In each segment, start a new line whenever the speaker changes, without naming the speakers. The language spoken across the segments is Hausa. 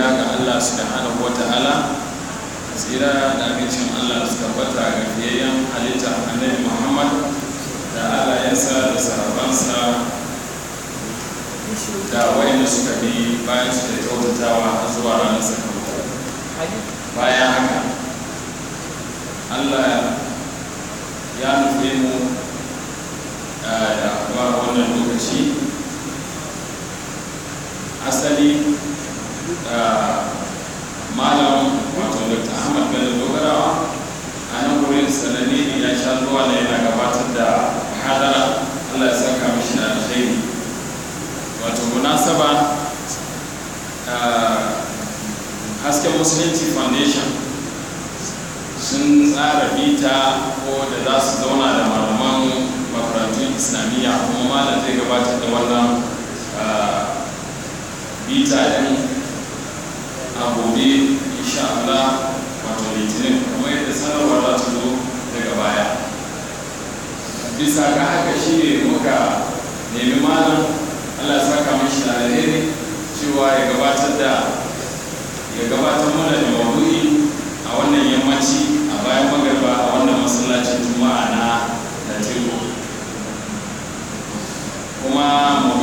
godiya ga Allah subhanahu wata'ala tsira da abincin Allah su tabbata ga fiyayyen halitta annabi Muhammad da sa da sahabansa da wayanda suka bi bayan su da kyautatawa zuwa ranar sakamako bayan haka Allah ya nufi mu eh, da wannan lokaci asali malam wato dr ahmad gani dogarawa a nan wurin ne ya sha zuwa na yana gabatar da hadara allah ya saka mishi da alkhairi wato munasaba hasken musulunci foundation sun tsara bita ko da za su zauna da malaman makarantun islamiyya kuma malam zai gabatar da wannan bita din a gobe insha Allah wato litinin kuma yadda sanarwa za ta zo daga baya bisa ga haka shi ne muka nemi malam Allah ya ka mashi da alheri cewa ya gabatar da ya gabatar mana da maudu'i a wannan yammaci a bayan magarba a wannan masallacin juma'a na Latino kuma mu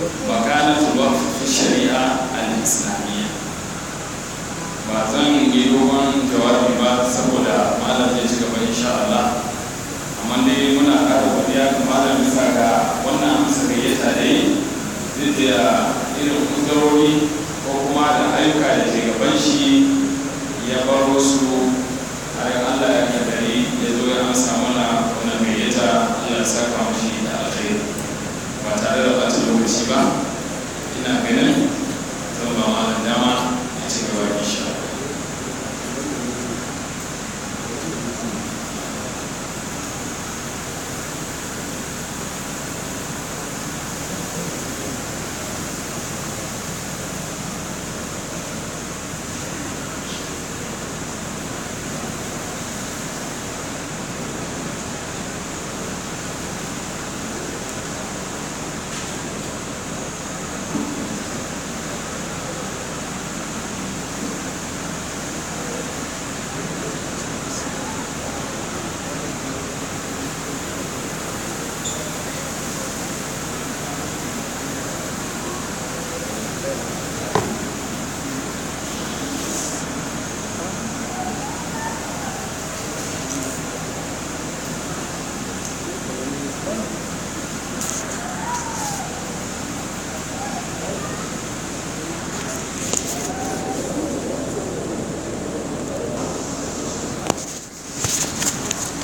وكان الوقف shari'a الشريعة Ba bazan yi dogon jawabi ba saboda malam zai ci gaba insha Allah amma dai muna ƙara godiya ga malam bisa ga wannan amsa gayyata dai duk da irin kuzarori ko kuma da ayyuka da ke gaban shi ya baro su har Allah ya kaddare ya zo ya amsa mana wannan gayyata Allah ya saka mu shi da alheri ba tare da ɓata lokaci ba ina ganin zan ba dama ya ci gaba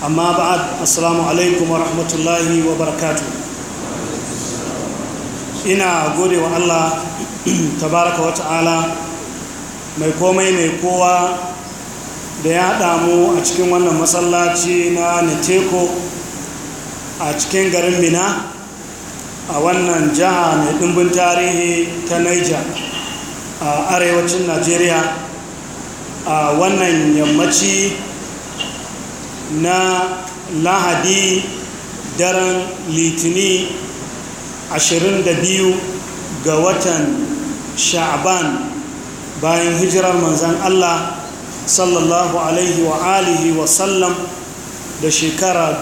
amma ba'ad assalamu alaikum wa rahmatullahi wa barakatu ina gode wa Allah tabaraka wa ta'ala mai komai mai kowa da ya damu a cikin wannan masallaci na neteko a cikin garin mina a wannan jiha mai ɗimbin tarihi ta niger a arewacin najeriya a wannan yammaci na lahadi daren litini 22 ga watan sha'aban bayan hijirar manzan Allah sallallahu alaihi wa alihi wa sallam da shekara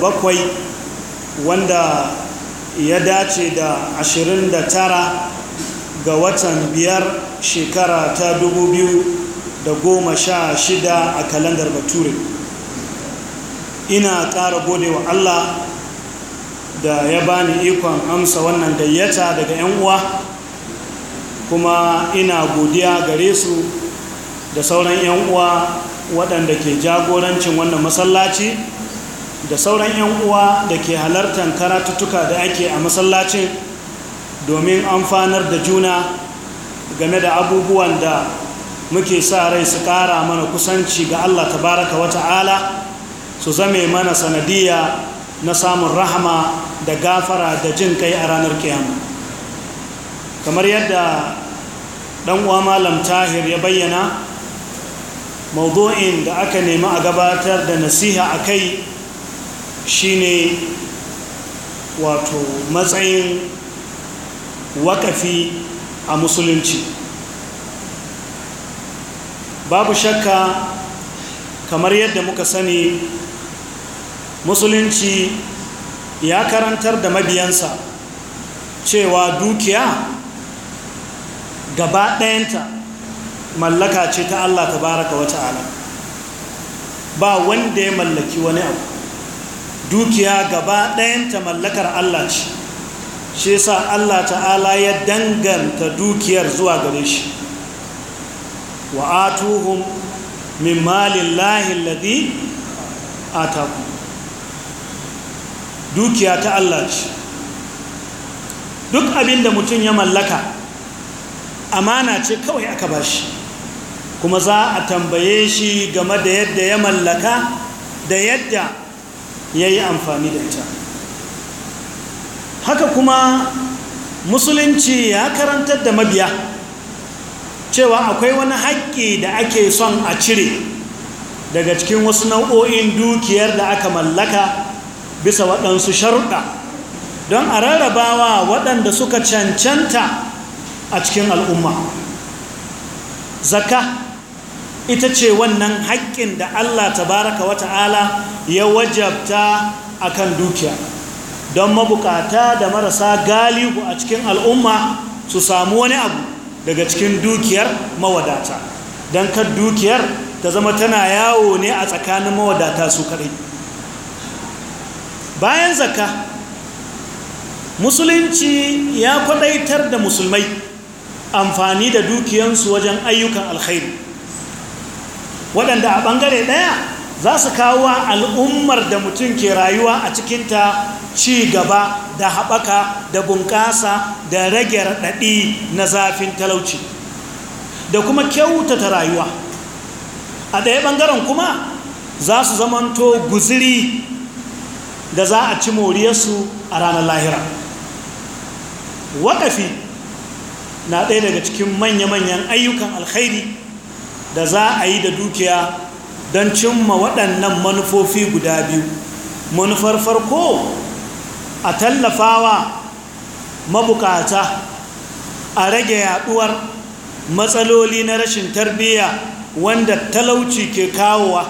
bakwai wanda ya dace da ashirin da tara ga watan biyar shekara ta dubu biyu. da goma sha shida a kalandar bature ina ƙara gode wa allah da ya bani ikon amsa wannan gayyata daga 'yan uwa kuma ina godiya gare su da sauran 'yan uwa waɗanda ke jagorancin wannan masallaci da sauran 'yan uwa da ke halartar karatuttuka da ake a masallacin domin amfanar da juna game da abubuwan da muke sa rai su kara mana kusanci ga Allah ta baraka wa ta'ala su zame mana sanadiyya na samun rahama da gafara da jin kai a ranar kiyama kamar yadda ɗan uwa malam tahir ya bayyana maudu'in da aka nemi a gabatar da nasiha a kai shine wato matsayin wakafi a musulunci babu shakka kamar yadda muka sani musulunci ya karantar da mabiyansa cewa dukiya gaba ɗayanta mallaka ce ta Allah ta baraka wata ala. ba wanda ya mallaki wani abu dukiya gaba ɗayanta mallakar Allah ce shi sa Allah ta'ala ya danganta dukiyar zuwa gare shi wa atuhum min ladi alladhi ataku dukiya ta Allah ce duk abinda da mutum ya mallaka amana ce kawai aka bashi kuma za a tambaye shi game da yadda ya mallaka da yadda ya yi amfani da ita haka kuma musulunci ya karantar da mabiya cewa akwai wani haƙƙi da ake son a cire daga cikin wasu nau'o'in dukiyar da aka mallaka bisa waɗansu sharuɗa don a rarrabawa waɗanda suka cancanta a cikin al'umma zaka ita ce wannan haƙƙin da allah ta baraka wata'ala ya wajabta a kan dukiya don mabukata da marasa galibu a cikin al'umma su samu wani abu daga cikin dukiyar mawadata don kan dukiyar ta zama tana yawo ne a tsakanin mawadata su kaɗai bayan zaka musulunci ya kwaɗaitar da musulmai amfani da dukiyansu wajen ayyukan alkhairi waɗanda a ɓangare ɗaya za su kawo al'ummar da mutum ke rayuwa a cikinta ci gaba da haɓaka da bunƙasa da rage raɗaɗi na zafin talauci da kuma kyautata rayuwa a ɗaya ɓangaren kuma za su zamanto guziri da za a ci moriyarsu a ranar lahira waƙafi na ɗaya daga cikin manya-manyan ayyukan alkhairi da za a yi da dukiya don cimma waɗannan manufofi guda biyu manufar farko a tallafawa mabukata a rage yaduwar matsaloli na rashin tarbiyya wanda talauci ke kawowa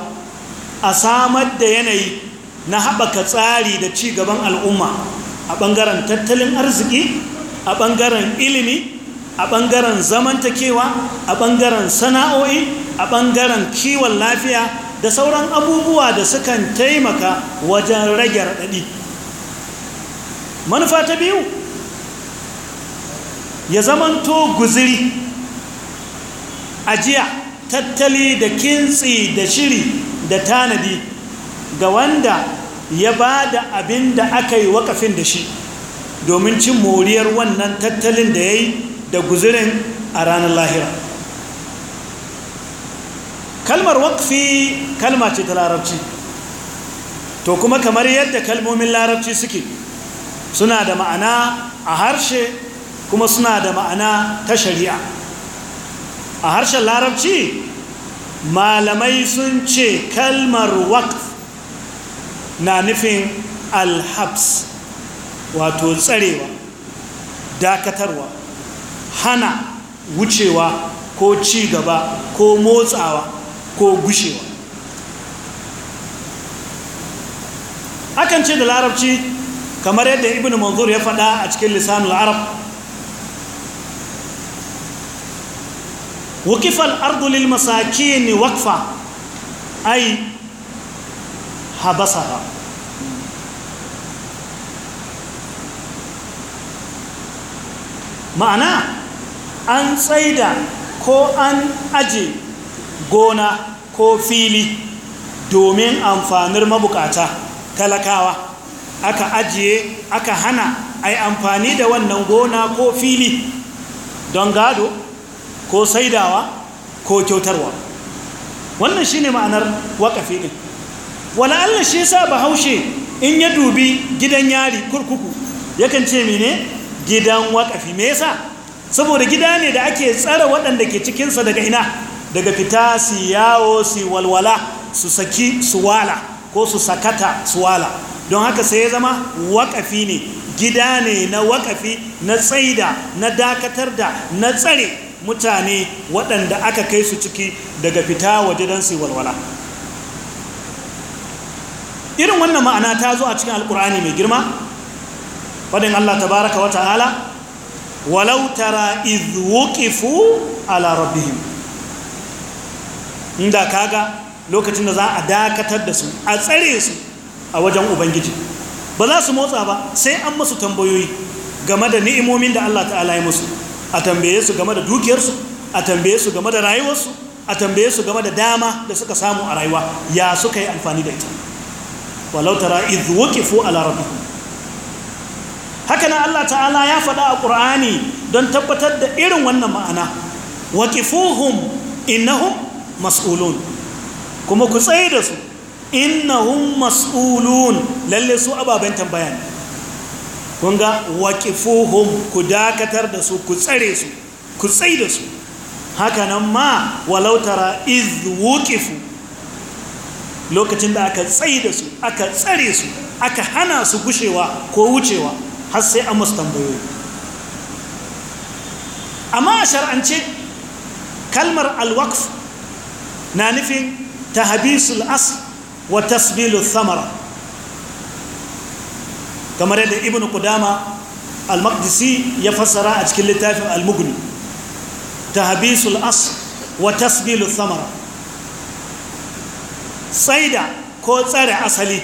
a samar da yanayi na haɓaka tsari da ci gaban al'umma a ɓangaren tattalin arziki a ɓangaren ilimi a ɓangaren zamantakewa a ɓangaren sana'o'i a ɓangaren kiwon lafiya da sauran abubuwa da sukan taimaka wajen rage raɗaɗi manufa ta biyu ya zamanto guziri ajiya tattali da kintsi da shiri da tanadi ga wanda ya ba da abin da aka yi wakafin da shi domin cin moriyar wannan tattalin da ya yi da guzirin a ranar lahira kalmar wakfi kalma ce ta larabci to kuma kamar yadda kalmomin larabci suke suna da ma'ana a harshe kuma suna da ma'ana ta shari'a a harshen larabci malamai sun ce kalmar wakf na nufin alhabs wato tsarewa dakatarwa hana wucewa ko ci gaba ko motsawa ko gushewa akan ce da larabci kamar yadda ibn manzur ya faɗa a cikin lisanul arab وكيف ni للمساكين ai habasa حبسها ma'ana an سيدا كو an aji. gona ko fili domin amfanin mabukata talakawa aka ajiye aka hana a yi amfani da wannan gona ko fili don gado ko saidawa ko kyautarwa wannan shi ne ma'anar wakafi ɗin Allah shi sa bahaushe in ya dubi gidan yari kurkuku yakan ce mene gidan wakafi me saboda gida ne da ake tsara waɗanda ke cikinsa daga ina daga fita su yawo su walwala su saki su wala ko su sakata su wala don haka sai ya zama wakafi ne gida ne na wakafi na tsaida na dakatar da na tsare mutane waɗanda aka kai su ciki daga fita waje don su walwala irin wannan ma'ana ta zo a cikin alkur'ani mai girma faɗin allah tabaraka wa ta'ala walau tara iz wuqifu ala rabbihim inda kaga lokacin da za a dakatar da su a tsare su a wajen ubangiji ba za su motsa ba sai an masu tambayoyi game da ni'imomin da Allah ta'ala ya musu a tambaye su game da dukiyarsu a tambaye su game da rayuwarsu a tambaye su game da dama da suka samu a rayuwa ya suka yi amfani da ita walau tara idh wuqifu ala rabbihim haka nan Allah ta'ala ya faɗa a ƙur'ani don tabbatar da irin wannan ma'ana waqifuhum innahum mas'ulun kuma ku tsaye da su innahum mas'ulun lalle su ababen tambaya ne kun ga waqifuhum ku dakatar da su ku tsare su ku tsaye da su hakanan ma walautara tara iz lokacin da aka tsaye da su aka tsare su aka hana su gushewa ko wucewa har sai an musu amma a shar'ance kalmar alwakf na nufin tahbisul asl wa tasmilu thamara kamar yadda ibn qudama al-maqdisi ya fassara a cikin littafin al-mughni tahbisul asl wa tasmilu thamara tsaida ko tsare asali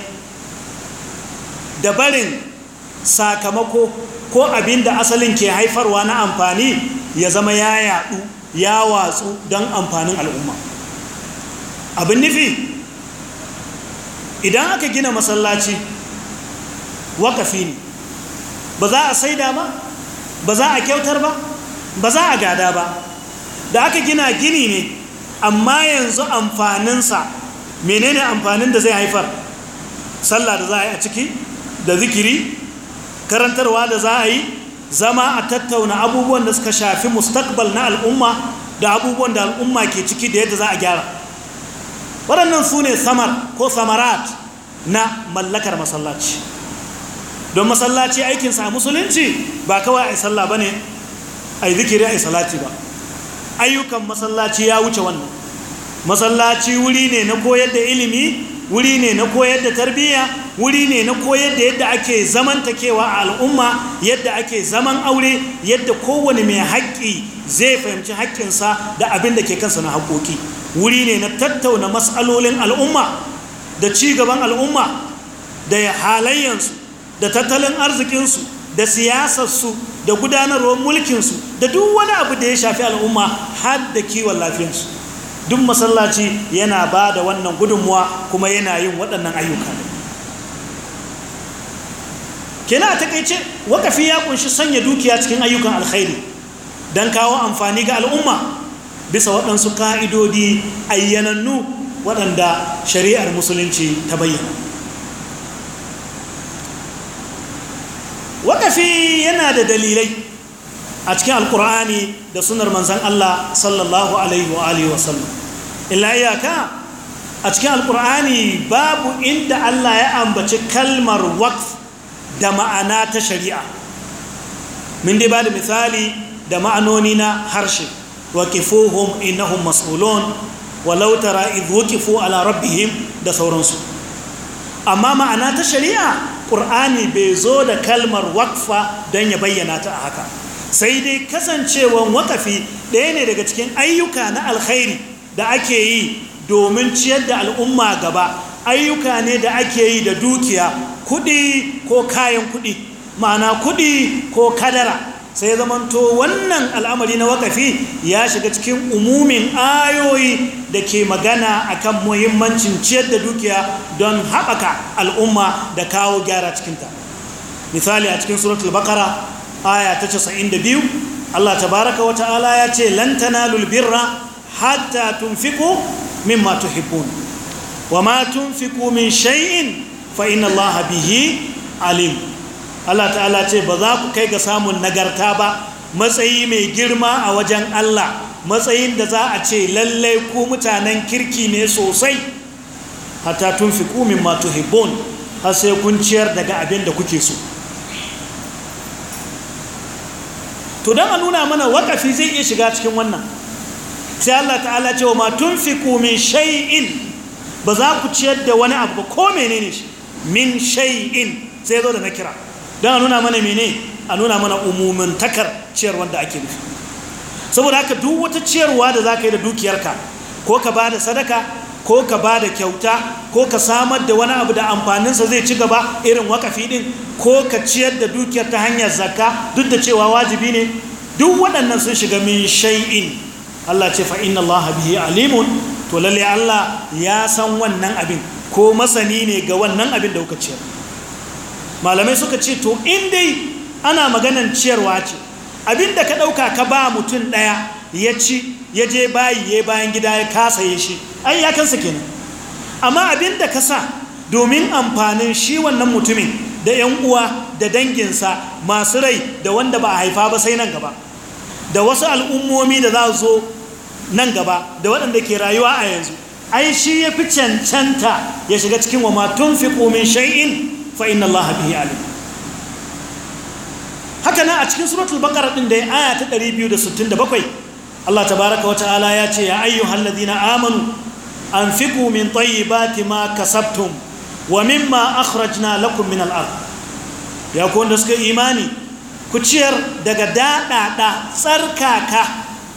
da barin sakamako ko abin da asalin ke haifarwa na amfani ya zama ya yadu ya watsu don amfanin al'umma abin nufi idan aka gina masallaci wakafi ne ba za a saida ba ba za a kyautar ba ba za a gada ba da aka gina gini ne amma yanzu amfaninsa menene amfanin da zai haifar sallah da za a yi a ciki da zikiri karantarwa da za a yi zama a tattauna abubuwan da suka shafi mustakbal na al'umma da abubuwan da al'umma ke ciki da yadda za a gyara waɗannan su ne samar ko samarat na mallakar masallaci don masallaci aikinsa a musulunci ba kawai a yi sallah ba ne a yi zikiri a yi salati ba ayyukan masallaci ya wuce wannan masallaci wuri ne na koyar da ilimi wuri ne na koyar da tarbiyya wuri ne na koyar da yadda ake zamantakewa a al'umma yadda ake zaman aure yadda kowane mai haƙƙi zai fahimci haƙƙinsa da abin da ke kansa na haƙoƙi wuri ne na tattauna matsalolin al'umma da cigaban al'umma da halayyansu da tattalin arzikinsu da siyasarsu da gudanarwar mulkinsu da duk wani abu da ya shafi al'umma har da kiwon lafiyarsu duk masallaci yana ba da wannan gudunmuwa kuma yana yin waɗannan ayyuka kina a takaice wakafi ya ƙunshi sanya dukiya cikin ayyukan alkhairi don kawo amfani ga al'umma bisa waɗansu ƙa'idodi ayyanannu waɗanda shari'ar musulunci ta bayyana waƙafi yana da dalilai a cikin alƙur'ani da sunar manzan Allah sallallahu alaihi wa'alihi wasallam ilayaka a cikin alƙur'ani babu inda Allah ya ambaci kalmar waƙf da ma'ana ta shari'a min dai ba da misali da ma'anoni na harshe waqifuhum innahum mas'ulun walau tara idh ala rabbihim da sauransu amma ma'ana ta shari'a ƙur'ani bai zo da kalmar waqfa don ya bayyana ta a haka sai dai kasancewan waqafi ɗaya ne daga cikin ayyuka na alkhairi da ake yi domin ciyar da al'umma gaba ayyuka ne da ake yi da dukiya kuɗi ko kayan kuɗi ma'ana kuɗi ko kadara sai zamanto wannan al'amari na wakafi ya shiga cikin umumin ayoyi da ke magana akan muhimmancin ciyar da dukiya don haɓaka al'umma da kawo gyara cikinta misali a cikin suratul bakara aya ta 92 Allah tabaraka wa ta'ala ya ce lan tanalul birra hatta min mimma tuhibbun wa ma min shay'in fa bihi alim Allah ta'ala ce ba za ku kai ga samun nagarta ba matsayi mai girma a wajen Allah matsayin da za a ce lallai ku mutanen kirki ne sosai hata tun fi kumin matu har sai kun ciyar daga abin da kuke so to don a nuna mana wakafi zai iya shiga cikin wannan sai Allah ta'ala ce wa matun fi kumin shai'in ba za ku ciyar da wani abu ba ko menene shi min shai'in sai zo da na kira don a nuna mana mene a nuna mana takar ciyar da ake nufi saboda haka duk wata ciyarwa da za ka yi da dukiyarka ko ka ba da sadaka ko ka ba da kyauta ko ka samar da wani abu da amfaninsa zai ci gaba irin wakafi din ko ka ciyar da dukiyar ta hanyar zakka duk da cewa wajibi ne duk waɗannan sun shiga min shay'in Allah ce fa inna Allah bihi alimun to lalle Allah ya san wannan abin ko masani ne ga wannan abin da kuka ciyar malamai suka ce to in dai ana maganan ciyarwa ce abinda ka ɗauka ka ba mutum ɗaya ya ci ya je bayi ya bayan gida ya kasa ya shi ai ya kansa kenan amma abinda ka sa domin amfanin shi wannan mutumin da 'yan uwa da danginsa masu rai da wanda ba a haifa ba sai nan gaba da wasu al'ummomi da za zo nan gaba da waɗanda ke rayuwa a yanzu ai shi ya fi cancanta ya shiga cikin wa matun fi komin shai'in fa inna bihi alim haka nan a cikin suratul baqara ɗin da ya aya ta 267 Allah baraka wa ta'ala ya ce ya ayyuhalladhina amanu anfiqu min tayyibati ma kasabtum wa mimma akhrajna lakum min al-ard ya ku da suka imani ku ciyar daga daɗaɗa tsarkaka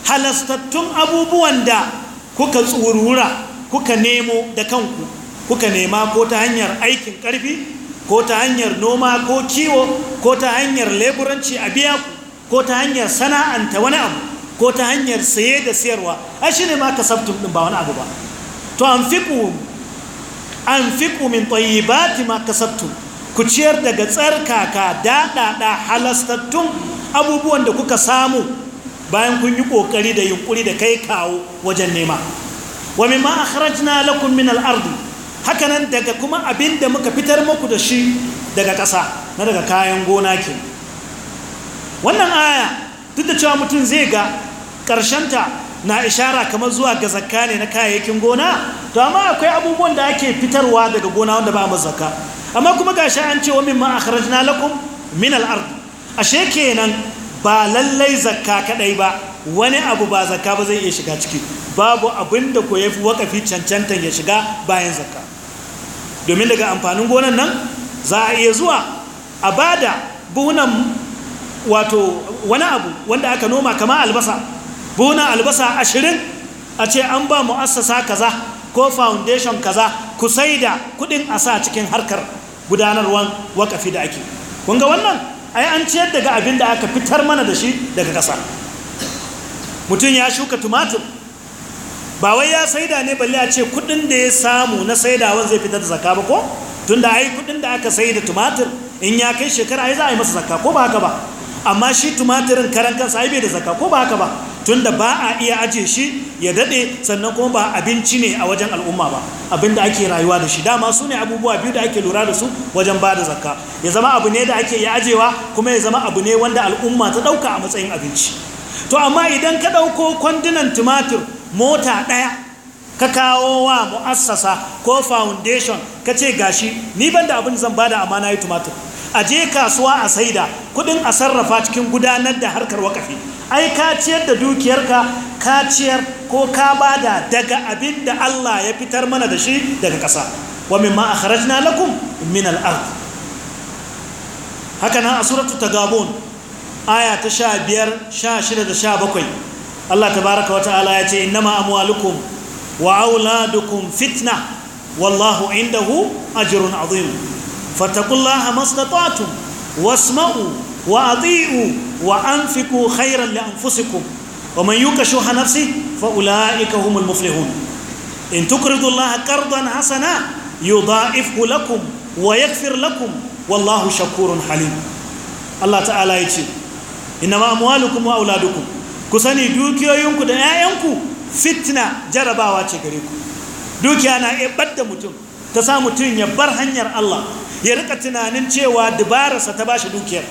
halastattun abubuwan da kuka tsurura kuka nemo da kanku kuka nema ko ta hanyar aikin ƙarfi ko ta hanyar noma ko kiwo ko ta hanyar leburanci a biya ku ko ta hanyar sana'anta wani abu ko ta hanyar saye da sayarwa a shi ne ma kasabtum ɗin ba wani abu ba to an An fiƙu min tayyibati ma kasabtum ku ciyar daga tsarkaka daɗaɗa halastattun abubuwan da kuka samu bayan kun yi ƙoƙari da yunƙuri da kai kawo wajen nema wa mimma akhrajna lakum min al ardh hakanan daga kuma abin da muka fitar muku da shi daga ƙasa na daga kayan gona ke wannan aya duk da cewa mutum zai ga ƙarshenta na ishara kamar zuwa ga zakka ne na kayayyakin gona to amma akwai abubuwan da ake fitarwa daga gona wanda ba mu zakka amma kuma ga gashi an ce wa mimma akhrajna lakum min al-ard ashe kenan ba lallai zakka kadai ba wani abu ba zakka ba zai iya shiga ciki babu abin da ko yafi wakafi cancantan ya shiga bayan zakka domin daga amfanin gonan nan za a iya zuwa a ba da buhunan wato wani abu wanda aka noma kama albasa buhunan albasa ashirin a ce an ba mu'assasa kaza ko foundation kaza ku sai da kudin a sa cikin harkar gudanarwan wakafi da ake kunga wannan ai an ciyar daga abin da aka fitar mana da shi daga ƙasa mutum ya shuka tumatir ba wai ya saida ne balle a ce kudin da ya samu na saida saidawan zai fitar da zakka ba ko tun da ai kudin da aka saida tumatir in ya kai shekara ai za a yi masa zakka ko ba haka ba amma shi tumatirin karan kansa ai bai da zakka ko ba haka ba tun ba a iya aje shi ya daɗe sannan kuma ba abinci ne a wajen al'umma ba abin da ake rayuwa da shi dama su ne abubuwa biyu da ake lura da su wajen ba da zakka ya zama abu ne da ake ya ajewa kuma ya zama abu ne wanda al'umma ta ɗauka a matsayin abinci to amma idan ka ɗauko kwandunan tumatir mota ɗaya ka kawo wa mu'assasa ko foundation ka ce gashi ni ban da abin zan ba da na yi tumatur a je kasuwa a saida kudin a sarrafa cikin gudanar da harkar wakafi ai ka ciyar da dukiyarka ka ciyar ko ka bada daga abin da Allah ya fitar mana da shi daga ƙasa wa mimma akhrajna lakum min al-ard haka nan a suratul tagabun aya ta 15 16 da 17 Allah tabaraka wa ta'ala ya ce innama amwalukum wa auladukum fitna wallahu indahu ajrun azim fattaqullaha mastata'tum wasma'u wa ati'u wa anfiqu khairan li anfusikum wa man yuka nafsi fa ulaika humul muflihun in tuqridu Allah qardan hasana yudha'ifhu lakum wa yaghfir lakum wallahu shakurun halim Allah ta'ala ya ce innama amwalukum wa auladukum ku sani dukiyoyinku da 'ya'yanku fitna jarabawa ce gare ku dukiya na ebar da mutum ta sa mutum ya bar hanyar Allah ya rika tunanin cewa dubararsa ta bashi dukiyar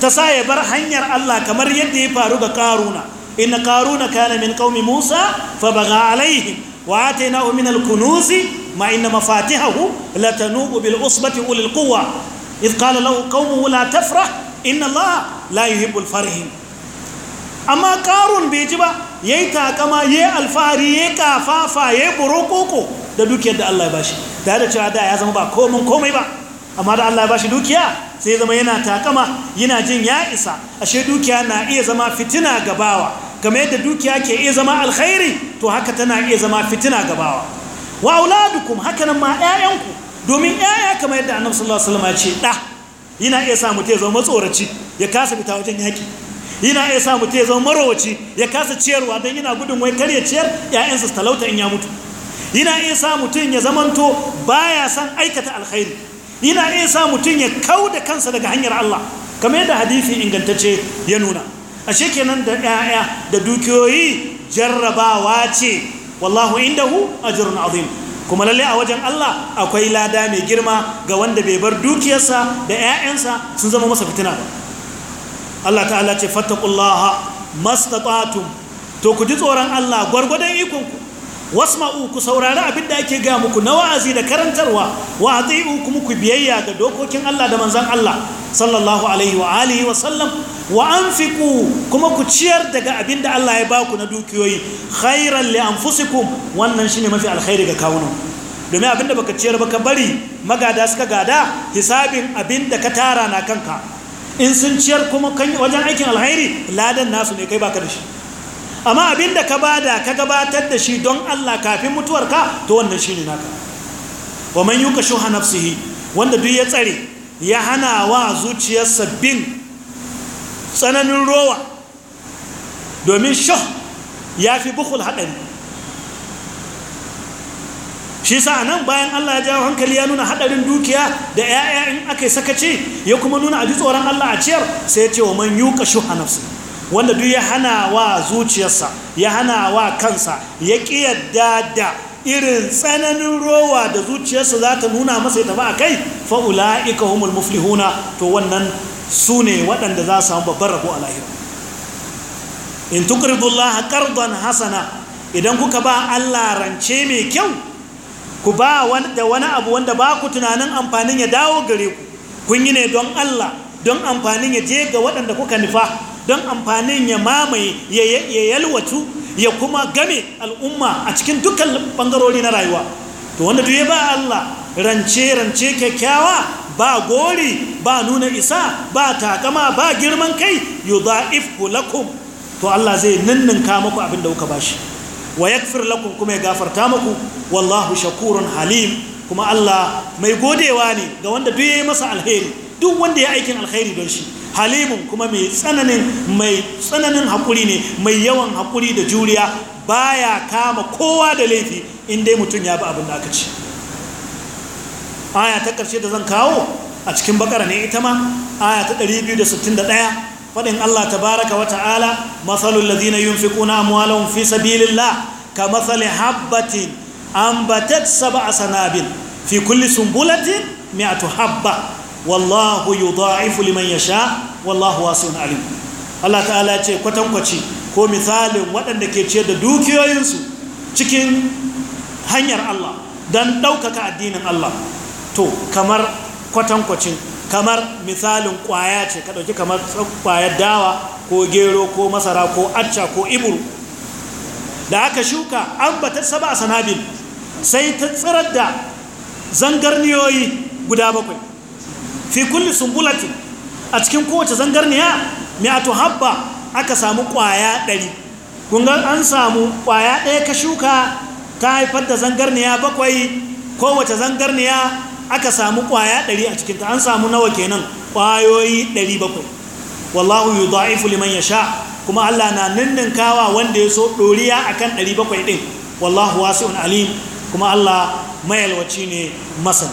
ta sa ya bar hanyar Allah kamar yadda ya faru ga karuna inna karuna kana min qaumi musa fa baga alaihim wa atainahu min al-kunuzi ma inna mafatihahu latanubu bil usbati ulil quwwa idh qala lahu qaumuhu la tafrah inna allaha la yuhibbul farihin amma karun bai ji ba ya yi takama ya yi alfahari ya yi kafafa ya yi burokoko da dukiyar da Allah ya bashi da da cewa da ya zama ba komin komai ba amma da Allah ya bashi dukiya sai zama yana takama yana jin ya isa ashe dukiya na iya zama fitina gabawa game da dukiya ke iya zama alkhairi to haka tana iya zama fitina gabawa wa auladukum haka nan ma 'ya'yanku domin 'ya'ya kamar yadda annabi sallallahu alaihi wasallam ya ce da yana iya sa mutum ya zama matsoraci ya kasa fita wajen yaki yana iya sa mutum ya zama marowaci ya kasa ciyarwa don yana gudun wai kar ya ciyar ‘ya'yansa su talauta in ya mutu yana iya sa mutum ya zamanto baya san aikata alkhairi yana iya sa mutum ya kau da kansa daga hanyar Allah kamar yadda hadisi ingantacce ya nuna ashe kenan da ‘ya'ya da dukiyoyi jarrabawa ce wallahu indahu ajrun azim kuma lalle a wajen Allah akwai lada mai girma ga wanda bai bar dukiyarsa da ‘ya'yansa sun zama masa fitina ba Allah ta'ala ce fattaqullaha mastata'tum to ku ji tsoron Allah gwargwadon ku wasma'u ku saurari abin da ake ga muku na wa'azi da karantarwa wa ati'u muku biyayya ga dokokin Allah da manzon Allah sallallahu alaihi wa alihi wa sallam wa anfiqu kuma ku ciyar daga abin da Allah ya baku na dukiyoyi khairan li anfusikum wannan shine mafi alkhairi ga kawuna domin abin da baka ciyar baka bari magada suka gada hisabin abin da ka tara na kanka in sun ciyar kuma wajen aikin alhairi ladan nasu ne kai ka da shi amma abin da ka bada ka gabatar da shi don Allah kafin mutuwarka to wannan shi ne naka wa man yuka shuha nafsihi wanda duk ya tsare ya hana wa zuciyarsa bin tsananin rowa domin shuh ya fi bukul haɗari shi sa nan bayan Allah ya jawo hankali ya nuna hadarin dukiya da 'ya'ya in aka yi sakaci ya kuma nuna a ji tsoron Allah a ciyar sai ya ce wa man yuka a nafsi wanda duk ya hana wa zuciyarsa ya hana wa kansa ya ƙi yadda da irin tsananin rowa da zuciyarsa za ta nuna masa ya tafi a kai fa'ula ika humul muflihuna to wannan su ne waɗanda za su samu babban rabo a lahira in tuqridullaha qardan hasana idan kuka ba Allah rance mai kyau ku ba da wani abu wanda ba ku tunanin amfanin ya dawo gare ku kun yi ne don Allah don amfanin ya je ga waɗanda kuka nufa don amfanin ya mamaye ya yalwatu ya kuma game al'umma a cikin dukkan bangarori na rayuwa to wanda duk ya ba Allah rance rance kyakkyawa ba gori ba nuna isa ba takama ba girman kai yudha'if lakum to Allah zai ninninka muku abin da kuka bashi wa yakfir lakum kuma ya gafarta muku wallahu shakurun halim kuma Allah mai godewa ne ga wanda duk yayi masa alheri duk wanda ya aikin alheri don shi halimun kuma mai tsananin mai tsananin hakuri ne mai yawan hakuri da juriya baya kama kowa da laifi in dai mutum ya bi abin da aka ci aya ta ƙarshe da zan kawo a cikin bakara ne ita ma aya ta 261 faɗin Allah tabaraka wa ta'ala matsalul ladina kuna amwalahum fi sabilillah ka matsali habbatin ambatat sab'a sanabil fi kulli sumbulatin mi'atu habba wallahu yudha'ifu liman sha. wallahu wasu alim Allah ta'ala ce kwatankwaci ko misalin waɗanda ke ciyar da dukiyoyinsu cikin hanyar Allah don ɗaukaka addinin Allah to kamar kwatankwacin kamar misalin kwaya ce ka ɗauki kamar kwayar dawa ko gero ko masara ko acca ko iburu da aka shuka an bata saba a sanabin sai ta tsirar da zangarniyoyi guda bakwai fi kulli sumbulati a cikin kowace zangarniya mi'atu habba aka samu kwaya ɗari kunga an samu kwaya ɗaya ka shuka ta haifar da zangarniya bakwai kowace zangarniya aka samu kwaya ɗari a cikinta an samu nawa kenan kwayoyi ɗari 700 wallahu yudha'ifu liman yasha kuma Allah na ninninkawa wanda ya so doriya akan 700 din wallahu wasi'un alim kuma Allah mayalwaci ne masan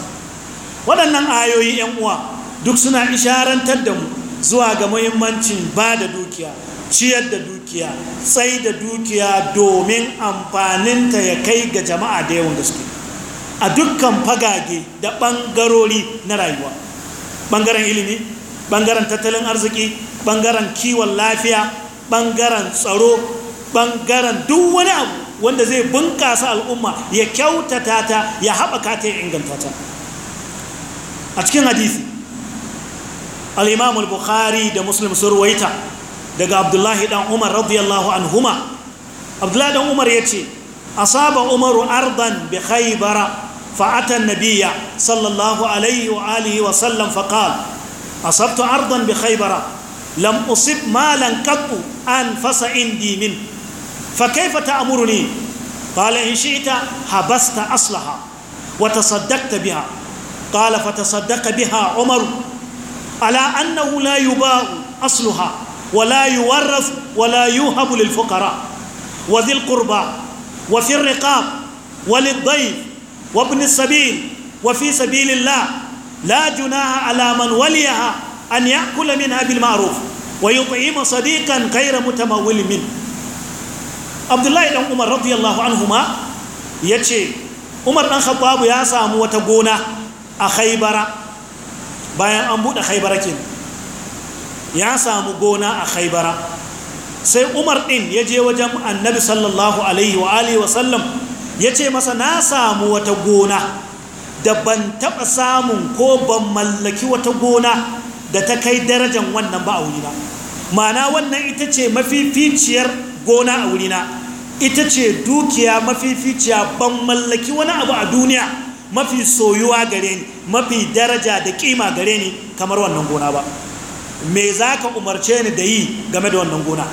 waɗannan ayoyi yan uwa duk suna isharantar da mu zuwa ga muhimmancin ba da dukiya ciyar da dukiya tsai da dukiya domin amfaninta ya kai ga jama'a da yawan gaske a dukkan fagage da ɓangarori na rayuwa ɓangaren ilimi ɓangaren tattalin arziki ɓangaren kiwon lafiya ɓangaren tsaro ɓangaren duk wani abu wanda zai bunƙasa al'umma ya kyautata ta ya haɓaka ta ya inganta ta a cikin hadisi al’imam bukhari da muslim surwaita daga abdullahi dan umar radiyallahu anhuma abdullahi dan umar ya ce asaba umaru ardan bi khaybara فأتى النبي صلى الله عليه وآله وسلم فقال أصبت أرضا بخيبر لم أصب مالا قط أنفس عندي منه فكيف تأمرني قال إن شئت حبست أصلها وتصدقت بها قال فتصدق بها عمر على أنه لا يباع أصلها ولا يورث ولا يوهب للفقراء وذي القربى وفي الرقاب وللضيف وابن السبيل وفي سبيل الله لا جناح على من وليها أن يأكل منها بالمعروف ويطعم صديقا غير متمول منه عبد الله بن عمر رضي الله عنهما يتشي عمر بن الخطاب يا سامو وتغونا أخيبرا bayan an buɗe khaibara kenan ya samu gona a khaibara sai umar ɗin ya je wajen annabi sallallahu alaihi wa alihi wa sallam ya ce masa na samu wata gona da ban taɓa samun ko ban mallaki wata gona da ta kai darajan wannan ba a wurina mana wannan ita ce mafificiyar gona a wurina ita ce dukiya mafificiya ban mallaki wani abu a duniya mafi soyuwa gare ni mafi daraja da kima gare ni kamar wannan gona ba me za ka umarce ni da yi game da wannan gona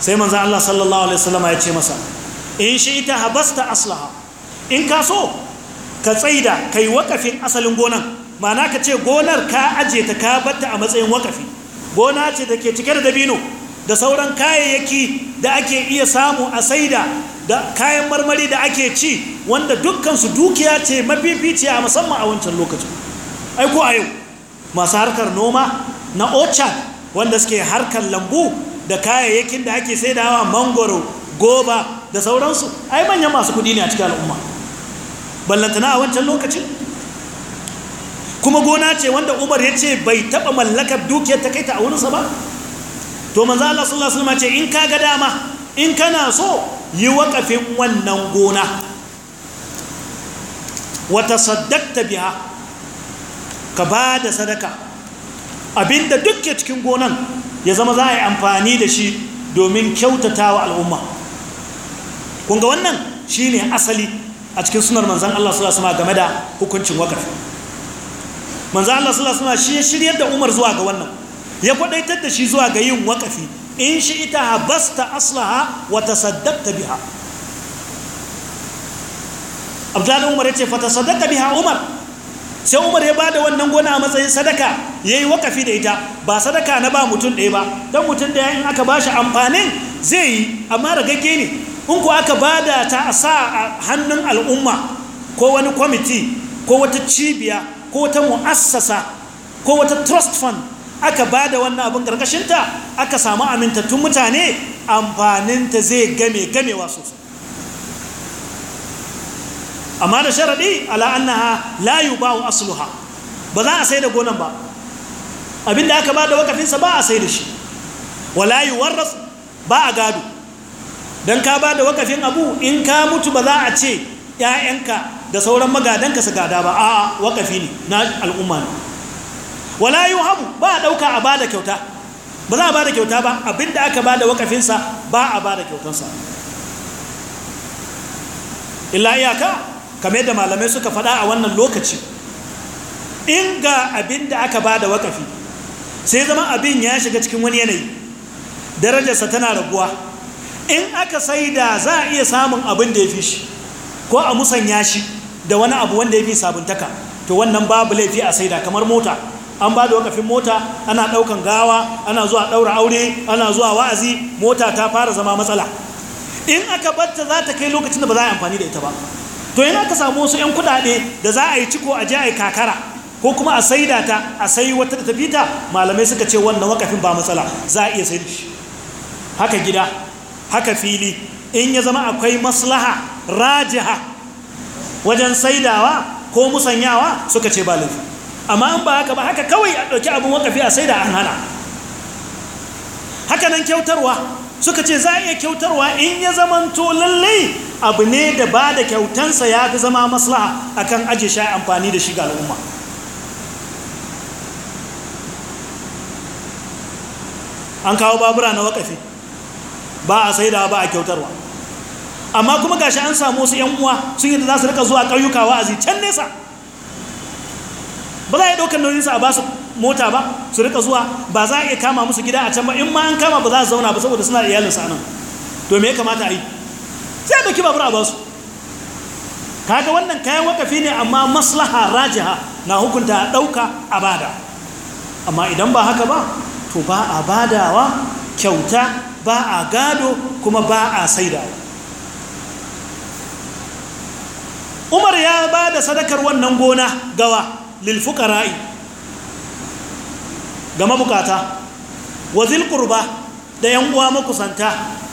sai manzan Allah sallallahu Alaihi wasallama ya ce masa in shi ita habasta aslaha in ka so ka tsaida ka yi wakafin asalin gonan mana ka ce gonar ka aje ta ka batta a matsayin wakafi gona ce da ke cike da dabino da sauran kayayyaki da ake iya samu a saida da kayan marmari da ake ci wanda dukkansu dukiya ce a musamman a wancan lokacin aiko a yau masu harkar noma na orchard wanda suke harkar lambu da kayayyakin da ake saidawa mangoro goba da sauransu ai manyan masu kudi ne a cikin al'umma ballantana a wancan lokacin kuma gona ce wanda umar ya ce bai taɓa mallakar dukiyar ta kai ta a wurinsa ba to manzo Allah sallallahu alaihi ce in kaga dama in kana so yi wakafin wannan gona wata saddaqta biya. ka ba da sadaka abinda duk ke cikin gonan ya zama za a yi amfani da shi domin kyautatawa al'umma kunga wannan shi ne asali a cikin sunar manzan Allah lasu ma game da hukuncin Wakar manzan Allah lasu ma shi ya shirya da Umar zuwa ga wannan ya kwadaitar da shi zuwa ga yin wakafi in shi ita habasta aslaha wata tasaddaqta biha Abdullahi Umar ya ce fa tasaddaqta biha Umar sai Umar ya bada wannan gona a matsayin sadaka ya yi wakafi da ita ba sadaka na ba mutum ɗaya ba don mutum ɗaya in aka ba shi amfanin zai yi amma ragagge ne in ku aka bada ta a sa a hannun al'umma ko wani kwamiti ko wata cibiya ko wata mu'assasa ko wata trust fund aka bada wannan abin ƙarƙashinta aka samu amintattun mutane amfaninta zai game gamewa sosai amma da sharaɗi layu ba wa yubahu ha ba za a sai da gonan ba abinda aka bada wakafinsa ba a sai da shi wala warras ba a gado don ka ba da wakafin abu in ka mutu ba za a ce 'ya'yanka da sauran magadanka su gada ba a wakafi ne na al'umma ne wala yi ba a ɗauka a ba da kyauta ba za a ba da kyauta ba abinda aka ba da wakafinsa ba a ba da kyautansa illa iyaka kamar da malamai suka faɗa a wannan lokaci in ga abinda aka ba da wakafi sai zama abin ya shiga cikin wani yanayi darajarsa tana raguwa in aka saida za a iya samun abin da ya fi shi ko a musanya shi da wani abu wanda ya fi sabuntaka to wannan babu laifi a saida kamar mota an ba da wakafin mota ana ɗaukan gawa ana zuwa ɗaura aure ana zuwa wa'azi mota ta fara zama matsala in aka batta za ta kai lokacin da ba za a amfani da ita ba to in aka samu wasu 'yan kuɗaɗe da za a yi ciko a je a yi kakara ko kuma a saidata ta a sai wata da ta fita malamai suka ce wannan wakafin ba matsala za a iya sai haka gida haka fili in ya zama akwai maslaha rajiha wajen saidawa ko musanyawa suka ce ba amma an ba haka ba haka kawai a ɗauki abin wakafi a saida an hana hakanan kyautarwa suka ce za a iya kyautarwa in ya zamanto lallai abu ne da ba da kyautansa ya fi zama maslaha akan ajiye shi amfani da shi ga al'umma an kawo babura na wakafi ba a saida ba a kyautarwa amma kuma gashi an samu wasu yan uwa sun yi da za su rika zuwa ƙauyuka wa'azi can nesa ba za a yi ɗaukar nauyinsa a ba su mota ba su rika zuwa ba za a iya kama musu gida a can ba in ma an kama ba za su zauna ba saboda suna da iyalin sa nan to me ya kamata a yi sai da kiba a ba su kaga wannan kayan wakafi ne amma maslaha rajiha na hukunta a ɗauka a bada amma idan ba haka ba to ba a badawa kyauta ba a gado kuma ba a saidawa umar ya ba da sadakar wannan gona gawa lilfukara'i ga mabukata wa zilkurba da yan uwa makusanta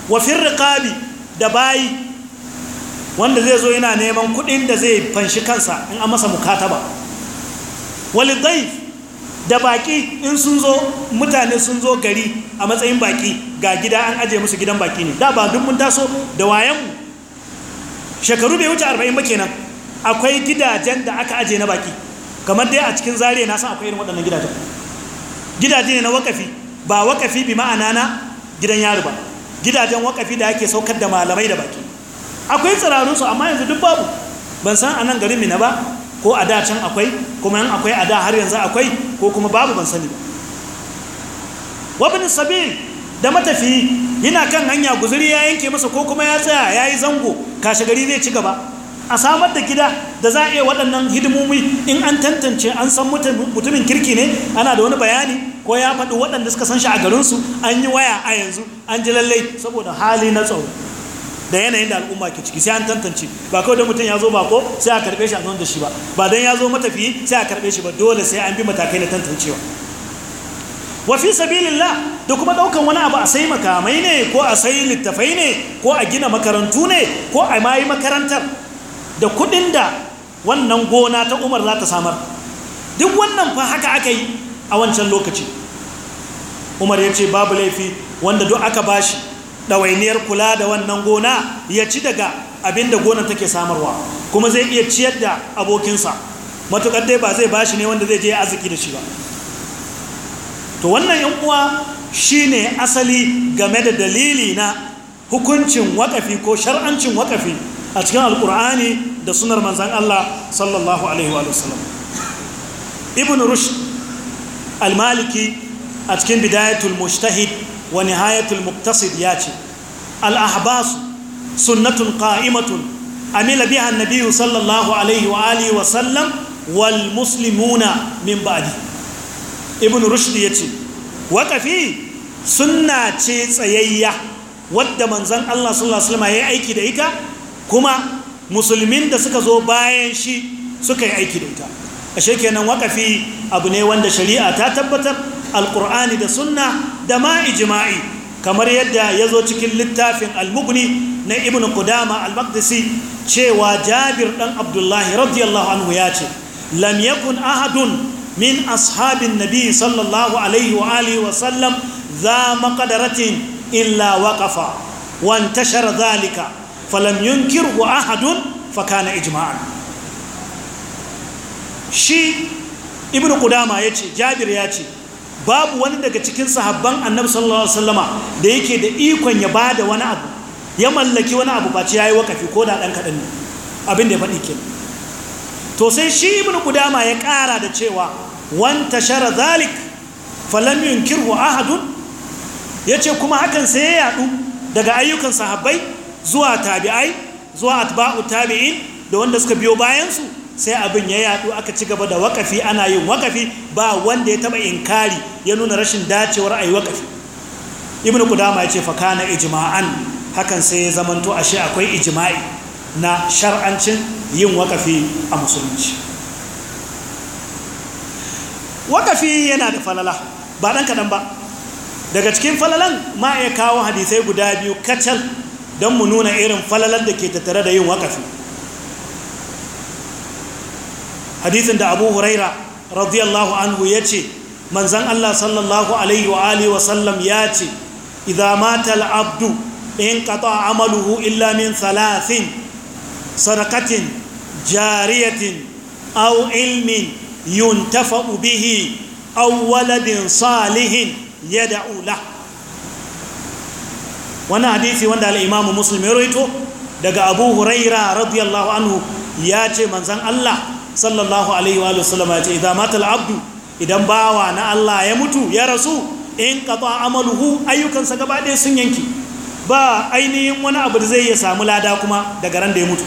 wa firrikabi da bayi wanda zai zo yana neman kudin da zai fanshi kansa in an masa mukataba walidai da baki in sun zo mutane sun zo gari a matsayin baki ga gida an ajiye musu gidan baki ne da ba duk taso da wayanmu shekaru bai wuce 40 ba kenan akwai gidajen da aka aje na baki kamar dai a cikin zare na san akwai irin waɗannan gidajen gidaje ne na wakafi ba wakafi bi ma'ana na gidan yari ba gidajen wakafi da yake saukar da malamai da baki akwai tsirarunsu amma yanzu duk babu ban san a nan garin na ba ko a da can akwai kuma yan akwai a da har yanzu akwai ko kuma babu ban sani ba wabin sabil da matafi yana kan hanya guzuri ya yanke masa ko kuma ya tsaya ya yi zango kashe gari zai ci gaba a samar da gida da za a iya waɗannan hidimomi in an tantance an san mutumin kirki ne ana da wani bayani ko ya faɗi waɗanda suka san shi a garinsu an yi waya a yanzu an ji lallai saboda hali na tsaro da yanayin da al'umma ke ciki sai an tantance ba kawai da mutum ya zo ko sai a karbe shi a zon da shi ba ba don ya zo matafiyi sai a karɓe shi ba dole sai an bi matakai na tantancewa wa fi sabilillah da kuma daukan wani abu a sai makamai ne ko a sai littafai ne ko a gina makarantu ne ko a mayi makarantar da kuɗin da wannan gona ta Umar za ta samar duk wannan fa haka aka yi a wancan lokaci Umar ya ce babu laifi wanda duk aka bashi ɗawainiyar kula da wannan gona ya ci daga abinda da gonar take samarwa kuma zai iya ciyar da abokinsa matuƙar dai ba zai ba shi ne wanda zai je ya arziki da shi ba to wannan yan uwa shi ne asali game da dalili na hukuncin waƙafi ko shar'ancin waƙafi a cikin Alƙur'ani da sunar manzan Allah sallallahu alaihi wa ibn rush al-maliki a cikin bidayatul mushtahid wa nihayatul muqtasid ya ce al-ahbas sunnatun qa'imatun amila biha an-nabiy sallallahu wa alihi wa sallam wal muslimuna min ba'di ibn rushd yace waqafi sunna ce tsayayya wadda manzon Allah sallallahu alaihi wasallam aiki da ita kuma musulmin da suka zo bayan shi suka yi aiki da ita ashe kenan wakafi abu ne wanda shari'a ta tabbatar alkur'ani da sunna da ma ijma'i kamar yadda ya zo cikin littafin almugni na ibn kudama al-maqdisi cewa jabir dan abdullahi radiyallahu anhu ya ce lam yakun ahadun min ashabin nabi sallallahu alaihi wa alihi wa sallam za maqdaratin illa waƙafa wan tashar zalika falam yunkiru ahadun fa kana ijma'an shi ibn ya ce, jabir ya ce babu wani daga cikin sahabban annabi sallallahu alaihi wasallama da yake da ikon ya bada wani abu ya mallaki wani abu ba ce yayi wakafi ko da dan kadan ne abin da ya faɗi kenan to sai shi ibn Kudama ya ƙara da cewa wan tashara zalik falam yunkirhu ahadun yace kuma hakan sai ya yadu daga ayyukan sahabbai zuwa tabi'ai zuwa atba'u tabi'in da wanda suka biyo bayan su sai abin ya yaɗu aka ci gaba da wakafi ana yin wakafi ba wanda ya taba inkari ya nuna rashin dacewar ayi wakafi ibnu qudama ya ce fa kana ijma'an hakan sai ya zamanto ashe akwai ijima'i na shar'ancin yin wakafi a musulunci wakafi yana da falala ba dan kadan ba daga cikin falalan ma ya kawo hadisai guda biyu kacal don mu nuna irin falalan da ke tattare da yin wakafi hadisin da abu huraira radiyallahu anhu ya ce manzan allah sallallahu alaihi wa alihi sallam ya ce idza mata abdu in qata amaluhu illa min thalathin sadakatin jariyatin aw ilmin yuntafa bihi aw waladin salihin yad'u lahu wani hadisi wanda al'imamu musulmi roito daga abu huraira radiyallahu anhu ya ce manzan Allah sallallahu alaihi wa sallam ya ce idan matal abdu idan bawa na Allah ya mutu ya rasu in qata amaluhu ayyukansa gaba ɗaya sun yanki ba ainihin wani abu da zai ya samu lada kuma daga ran da ya mutu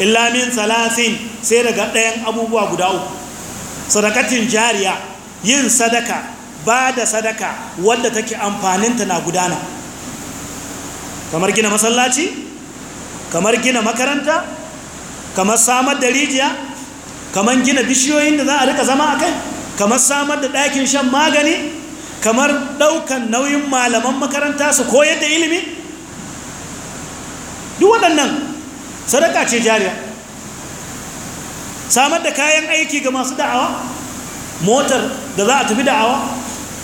illa min salasin sai daga ɗayan abubuwa guda uku sadakatin jariya yin sadaka ba da sadaka wadda take amfaninta na gudana kamar gina masallaci kamar gina makaranta kamar samar da rijiya kamar gina bishiyoyin da za a rika zama a kai kamar samar da ɗakin shan magani kamar ɗaukan nauyin malaman makaranta su koyar da ilimi duk waɗannan sadaka ce jariya samar da kayan aiki ga masu da'awa motar da za a tafi da'awa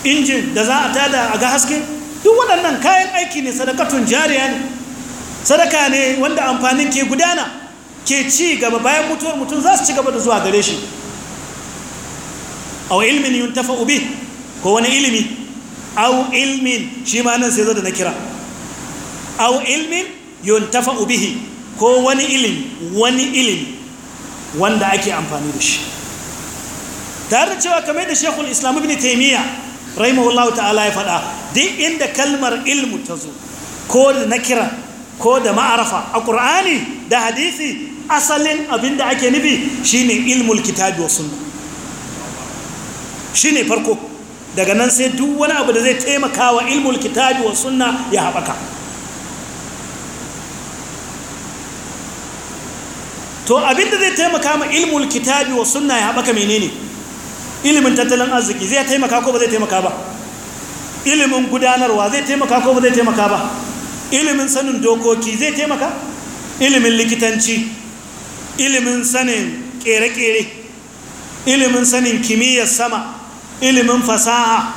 injin da za a tada a ga haske duk waɗannan kayan aiki ne sadakatun jariya ne sadaka ne wanda amfanin ke gudana ke ci gaba bayan mutuwar mutum za su ci gaba da zuwa gare shi Au ilmin yuntafa ubi ko wani ilimi Au ilmin shi ma nan sai zo da na kira Au ilmin yuntafa ubihi ko wani ilimi wani ilimi wanda ake amfani da shi tare da cewa kamar da shekul islam ibn taimiyya rahimahullahu ta'ala ya faɗa duk inda kalmar ilmu ta zo ko da na kira ko da ma'arafa a ƙur'ani da hadisi asalin abin da ake nufi shine ilmul kitabi wa sunna shine farko daga nan sai duk wani abu da zai taimaka wa ilmul kitabi wa sunna ya haɓaka to abin da zai taimaka ma ilmul kitabi wa sunna ya haɓaka menene ilimin tattalin arziki zai taimaka ko ba zai taimaka ba ilimin gudanarwa zai taimaka ko ba zai taimaka ba ilimin sanin dokoki zai taimaka ilimin likitanci ilimin sanin ƙere-ƙere, ilimin sanin kimiyyar sama ilimin fasaha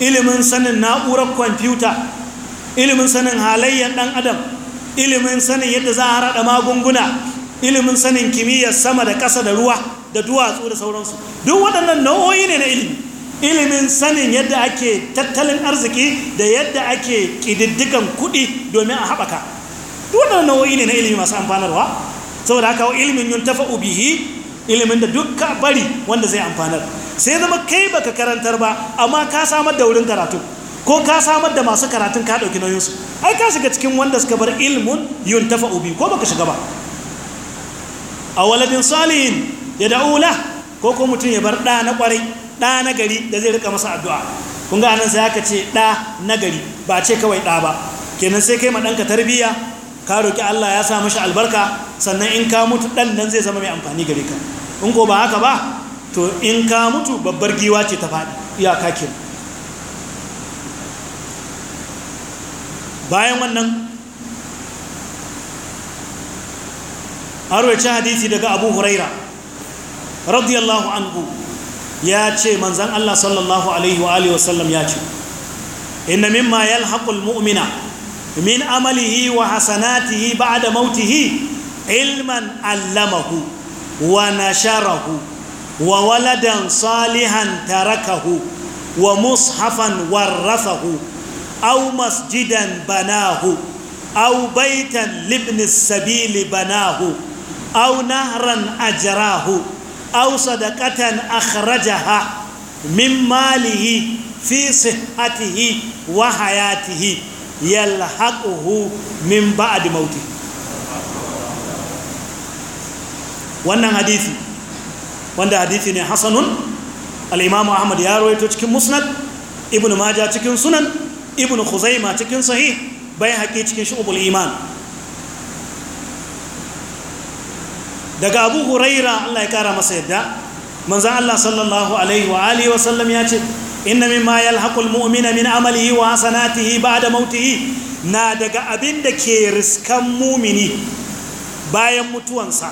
ilimin sanin na'urar kwamfuta ilimin sanin halayyar ɗan adam ilimin sanin yadda za a raɗa magunguna ilimin sanin kimiyyar sama da ƙasa da ruwa da duwatsu da sauransu duk waɗannan nau'o'i ne na ilimi ilimin sanin yadda ake tattalin arziki da yadda ake ƙididdigan kuɗi domin a haɓaka duk waɗannan nau'o'i ne na ilimi masu amfanarwa saboda haka ilmin yuntafa'u bihi ilimin da duk bari wanda zai amfanar sai zama kai baka karantar ba amma ka samar da wurin karatu ko ka samar da masu karatun ka ɗauki nauyinsu ai ka shiga cikin wanda suka bar ilmun yuntafa'u ubi ko baka shiga ba a waladin salihin ya da'ula ko ko mutum ya bar ɗa na ƙwarai ɗa na gari da zai rika masa addu'a kun ga anan sai aka ce ɗa na gari ba ce kawai ɗa ba kenan sai kai ma ɗanka tarbiyya ka roƙi Allah ya sa mashi albarka sannan in ka mutu ɗan nan zai zama mai amfani gare ka in ko ba haka ba to in ka mutu babbar giwa ce ta faɗi iyaka ke bayan wannan arwaci hadisi daga abu huraira radiyallahu anhu ya ce manzan Allah sallallahu alaihi wa alihi ya ce inna mimma yalhaqul mu'mina min amalihi wa hasanatihi ba'da mautihi ilman allamahu wa nasharahu wa waladan salihan tarakahu wa mushafan warrafahu aw masjidan banahu aw baitan libni sabili banahu aw nahran ajrahu aw sadaqatan akhrajaha min malihi fi sihhatihi wa hayatihi yalhaquhu min ba'd mauti wannan hadisi wanda hadisi ne hasanun al-imamu ahmad ya rawaito cikin musnad ibnu majah cikin sunan ibnu khuzaimah cikin sahih haƙi cikin shu'ubul iman daga abu huraira Allah ya kara masa yadda manzon Allah sallallahu alaihi wa alihi wa sallam ya ce inna mimma yalhaqul mu'mina min amalihi wa hasanatihi ba'da mautihi na daga abin da ke riskan mumini bayan mutuwansa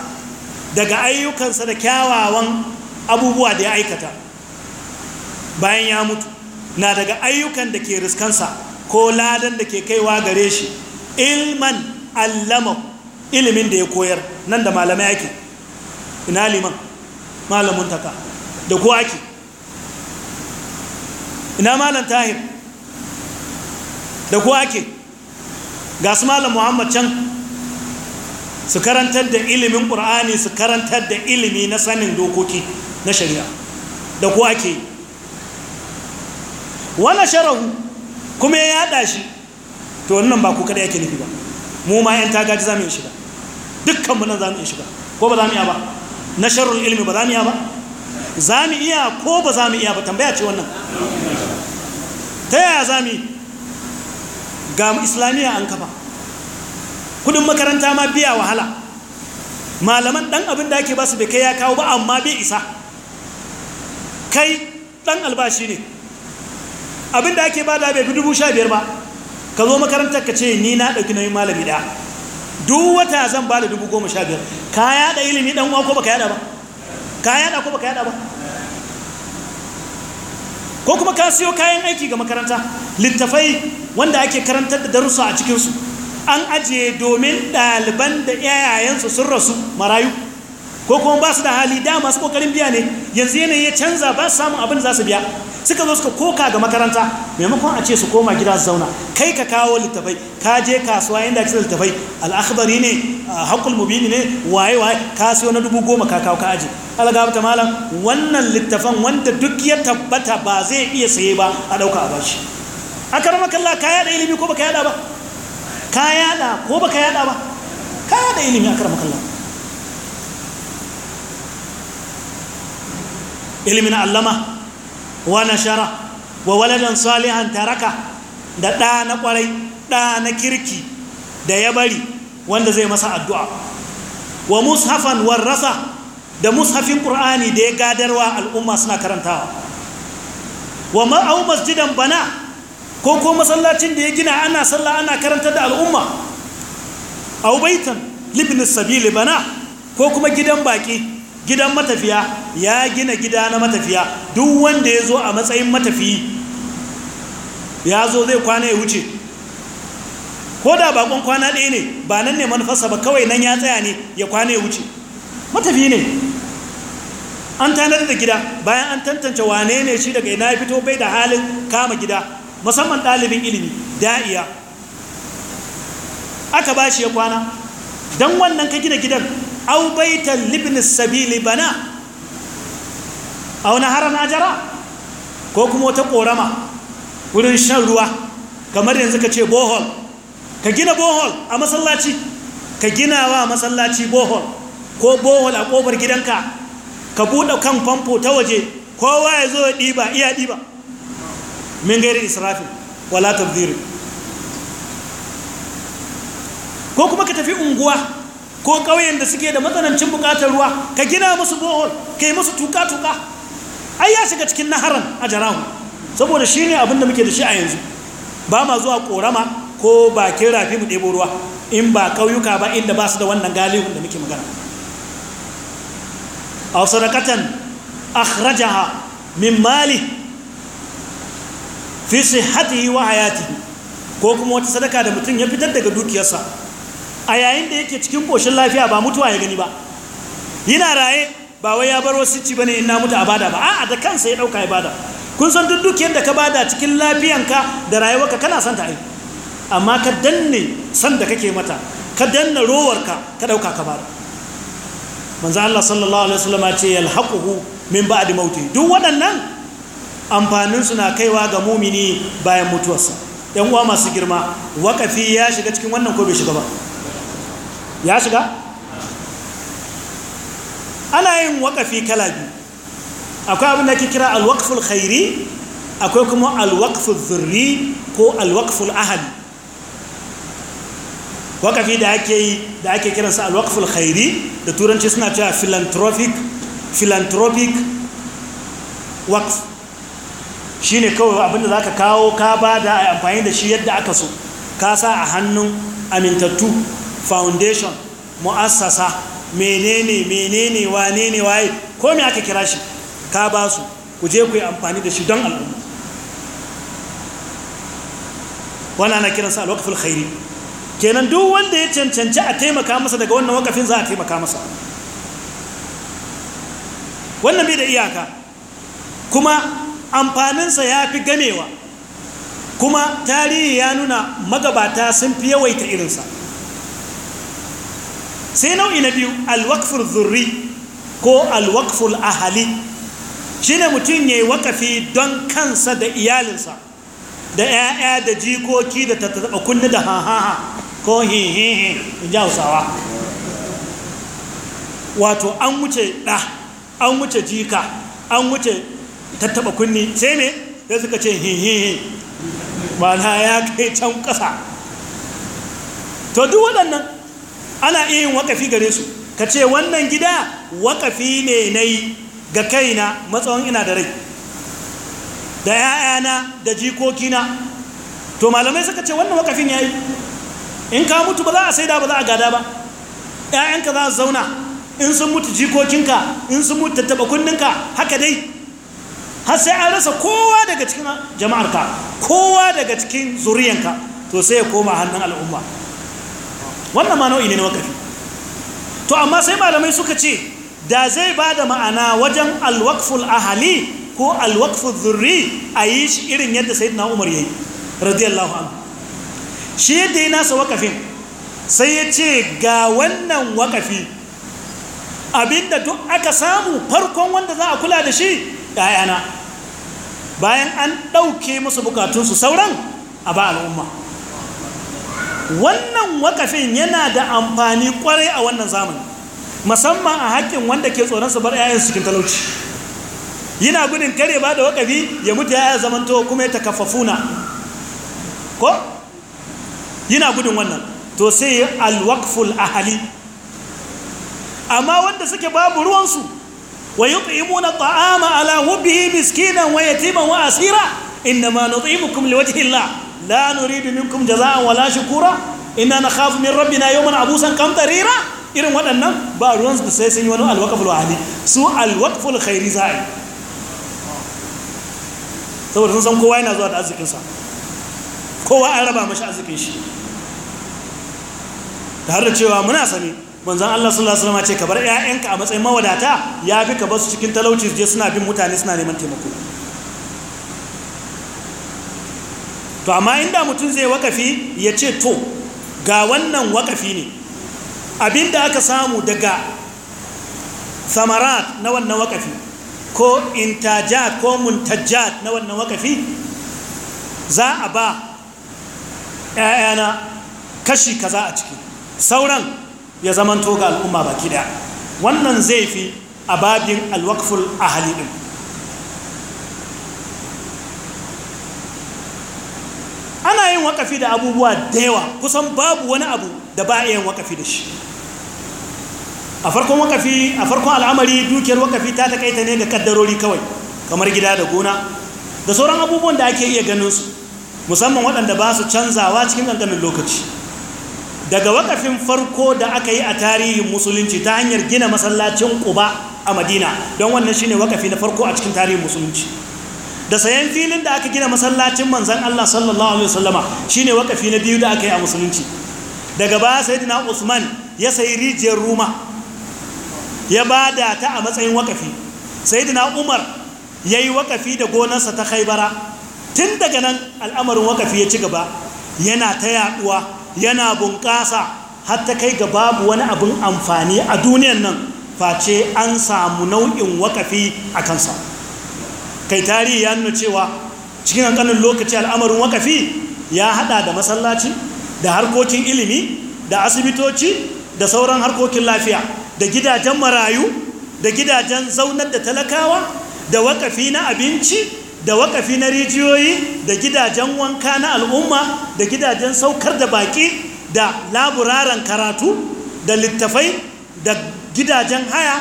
daga ayyukansa da kyawawan abubuwa da ya aikata bayan ya mutu na daga ayyukan da ke riskansa ko ladan da ke kaiwa gare shi ilman allama ilimin da ya koyar nan da malamai ake ina liman malamin taka da ku ake ina malam tahir da kuwa ake ga su malam muhammad can su karantar da ilimin ƙur'ani su karantar da ilimi na sanin dokoki na shari'a da kuwa ake wani sharahu kuma ya yada shi to wannan ba ku kada yake nufi ba mu ma 'yan tagaji za mu yi shiga dukkanmu nan za mu yi shiga ko ba za mu yi ba na sharar ilimi ba za mu yi ba za mu iya ko ba za mu iya ba tambaya ce wannan ta yaya za mu ga islamiyya an kafa kudin makaranta ma biya wahala malaman dan abin da ake ba su bai kai ya kawo ba amma bai isa kai dan albashi ne abin da ake ba da bai dubu sha biyar ba ka zo makarantar ka ce ni na ɗauki nauyin malami ɗaya duk wata zan ba da dubu goma sha biyar ka yaɗa ilimi ɗan uwa ko ba ka yaɗa ba ka yada ko baka yada ba ko kuma ka siyo kayan aiki ga makaranta littafai wanda ake karantar da darussa a cikinsu an ajiye domin ɗaliban da yayayensu sun rasu marayu ko kuma ba su da hali da masu kokarin biya ne yanzu yanayi ya canza ba su samun abin za su biya suka zo suka koka ga makaranta maimakon a ce su koma gida su zauna kai ka kawo littafai ka je kasuwa inda ake littafai al'akhbari ne hakul mubini ne waye waye ka siyo na dubu goma ka kawo ka ajiye. alaga malam wannan littafan wanda duk ya tabbata ba zai iya saye ba a ɗauka a bashi a karamar kalla ka yada ilimi ko ba ka yada ba ka yada ko ba ka yada ba ka yada ilimi a karamar kalla ilimin allama wa nashara wa waladan salihan taraka da ɗa na ƙwarai ɗa na kirki da ya bari wanda zai masa addu'a wa mushafan warrasa da mushafin ƙur'ani da ya gadarwa al'umma suna karantawa wa ma'au masjidan bana ko ko masallacin da ya gina ana sallah ana karantar da al'umma au baitan libni sabili bana ko kuma gidan baki gidan matafiya ya gina gida na matafiya duk wanda ya zo a matsayin matafiyi ya zo zai kwana ya wuce ko da bakon kwana ɗaya ne ba nan ne manufarsa ba kawai nan ya tsaya ne ya kwana ya wuce matafi ne an tanar da gida bayan an tantance wane ne shi daga ina fito bai da halin kama gida musamman ɗalibin ilimi da'iya aka ba shi ya kwana don wannan ka gina gidan au ta libin sabili bana a wani haram jara? ko kuma wata ƙorama wurin shan ruwa kamar yanzu ka ce bohol ka gina bohol a masallaci ka gina wa masallaci bohol ko bohol a kofar gidanka ka buɗe kan famfo ta waje kowa ya zo ya ɗiba iya ɗiba min gairin israfin wala tabziri ko kuma ka tafi unguwa ko ƙauyen da suke da matsanancin buƙatar ruwa ka gina musu bohol ka yi musu tuka-tuka ai ya shiga cikin naharan a jarahu saboda shi ne abin da muke da shi a yanzu ba ma zuwa korama ko bakin rafi mu ɗebo ruwa in ba ƙauyuka ba inda ba su da wannan galihun da muke magana aw sadaqatan akhrajaha min mali fi sihhatihi wa hayatihi ko kuma wata sadaka da mutum ya fitar daga dukiyarsa a yayin da yake cikin koshin lafiya ba mutuwa ya gani ba yana raye ba wai ya bar wasicci bane in na mutu a bada ba a'a da kansa ya dauka ya bada kun san duk dukiyar da ka bada cikin lafiyanka da rayuwarka kana son ta ai amma ka danne san da kake mata ka danna rowarka ka dauka ka bada manzo Allah sallallahu alaihi wasallam ce yalhaquhu min ba'di mauti duk waɗannan amfanin su na kaiwa ga mumini bayan mutuwarsa ɗan uwa masu girma wakafi ya shiga cikin wannan ko bai shiga ba ya shiga ana yin wakafi kala biyu akwai abin da ke kira alwaqful khairi akwai kuma alwaqful zurri ko alwaqful ahadi wakafi da ake yi da ake kiransa alwakful khairi da turanci suna cewa philanthropic philanthropic waqf shine kawai abinda za ka kawo ka bada a amfani da shi yadda aka so ka sa a hannun amintattu foundation mu'assasa menene menene wane ne waye ko me aka kira shi ka ba su ku je ku yi amfani da shi don al'umma wannan ana kiransa alwakful khairi kenan duk wanda ya cancanci a taimaka masa daga wannan wakafin za a taimaka masa wannan bai da iyaka kuma amfaninsa ya fi ganewa kuma tarihi ya nuna magabata sun fi yawaita irinsa sai nau'i na biyu alwakfur zurri ko alwakful ahali shi ne mutum ya yi wakafi don kansa da iyalinsa da 'ya'ya da jikoki da tattaɓa kunni da hahaha ko hihihi in ji hausawa wato an wuce ɗa an wuce jika an wuce tattaba kunni sai ne sai suka ce hihihi na ya kai can ƙasa to duk waɗannan ana iya yin wakafi gare su ka ce wannan gida wakafi ne na yi ga kaina matsawon ina da rai da 'ya'yana da jikokina to malamai suka ce wannan wakafin ya yi in ka mutu ba za a saida ba za a gada ba ‘ya'yanka za su zauna in sun mutu jikokinka in sun mutu tattaba kunninka haka dai har sai an rasa kowa daga cikin jama'arka kowa daga cikin zuriyanka to sai ya koma hannun al'umma wannan ma nau'i ne na to amma sai malamai suka ce da zai ba da ma'ana wajen alwakful ahali ko alwakful zurri a yi shi irin yadda sai na umar ya yi radiyallahu anhu shi yadda ya nasa wakafin sai ya ce ga wannan wakafi abinda duk aka samu farkon wanda za a kula da shi ‘ya'yana bayan an ɗauke musu bukatunsu sauran a ba al'umma wannan wakafin yana da amfani kwarai a wannan zamani musamman a haƙƙin wanda ke tsoron su bar yayin cikin talauci yana gudun kare ba da wakafi ya mutu ya zamanto kuma ya kafafuna ko yana gudun wannan to sai alwakful ahali amma wanda suke babu ruwansu wa na ta'ama ala hubbihi miskinan wa yatiman wa asira innama nut'imukum liwajhi illa. la nuridu minkum jazaa'an kura. Ina inna nakhafu min rabbina mana abusan qamtarira irin waɗannan ba ruwansu da sai sun yi wani alwakful ahali su alwakful khairi za'i saboda sun san kowa yana zuwa da arzikinsa kowa an raba mashi arzikin shi ta har da cewa muna sani manzan Allah sallallahu alaihi wasallam ce ka bar ƴaƴanka a matsayin mawadata ya fi ka basu cikin talauci je suna bin mutane suna neman taimako to amma inda mutum zai wakafi ya ce to ga wannan wakafi ne abinda aka samu daga samarat na wannan wakafi ko intajat ko muntajat na wannan wakafi za a ba 'ya'yana kashi kaza a ciki sauran ya zamanto ga al'umma baki ɗaya wannan zai fi a babin alwakful ahali din ana yin wakafi da abubuwa da yawa kusan babu wani abu da ba a yin wakafi da shi a farkon wakafi a farkon al'amari dukiyar wakafi ta takaita ne ga kaddarori kawai kamar gida da gona da sauran abubuwan da ake iya ganin su musamman waɗanda ba su canzawa cikin ɗanɗanin lokaci daga wakafin farko da aka yi a tarihin musulunci ta hanyar gina masallacin ƙuba a madina don wannan shi ne wakafi na farko a cikin tarihin musulunci da sayan filin da aka gina masallacin manzan allah sallallahu alaihi wasallama shi ne wakafi na biyu da aka yi a musulunci daga baya saidina usman ya sayi rijiyar ruma ya ba da ta a matsayin wakafi Saidina umar ya yi wakafi da gonarsa ta khaibara tun daga nan al'amarin wakafi ya ci gaba yana ta yaduwa yana bunƙasa har ta kai ga babu wani abin amfani a duniyan nan face an samu nau'in wakafi a kansa kai tarihi ya nuna cewa cikin hankalin lokaci al'amarin wakafi ya haɗa da masallaci da harkokin ilimi da asibitoci da sauran harkokin lafiya da gidajen marayu da gidajen zaunar da talakawa da wakafi na abinci da wakafi na rijiyoyi da gidajen wanka na al'umma da gidajen saukar da baki da laburaren karatu da littafai da gidajen haya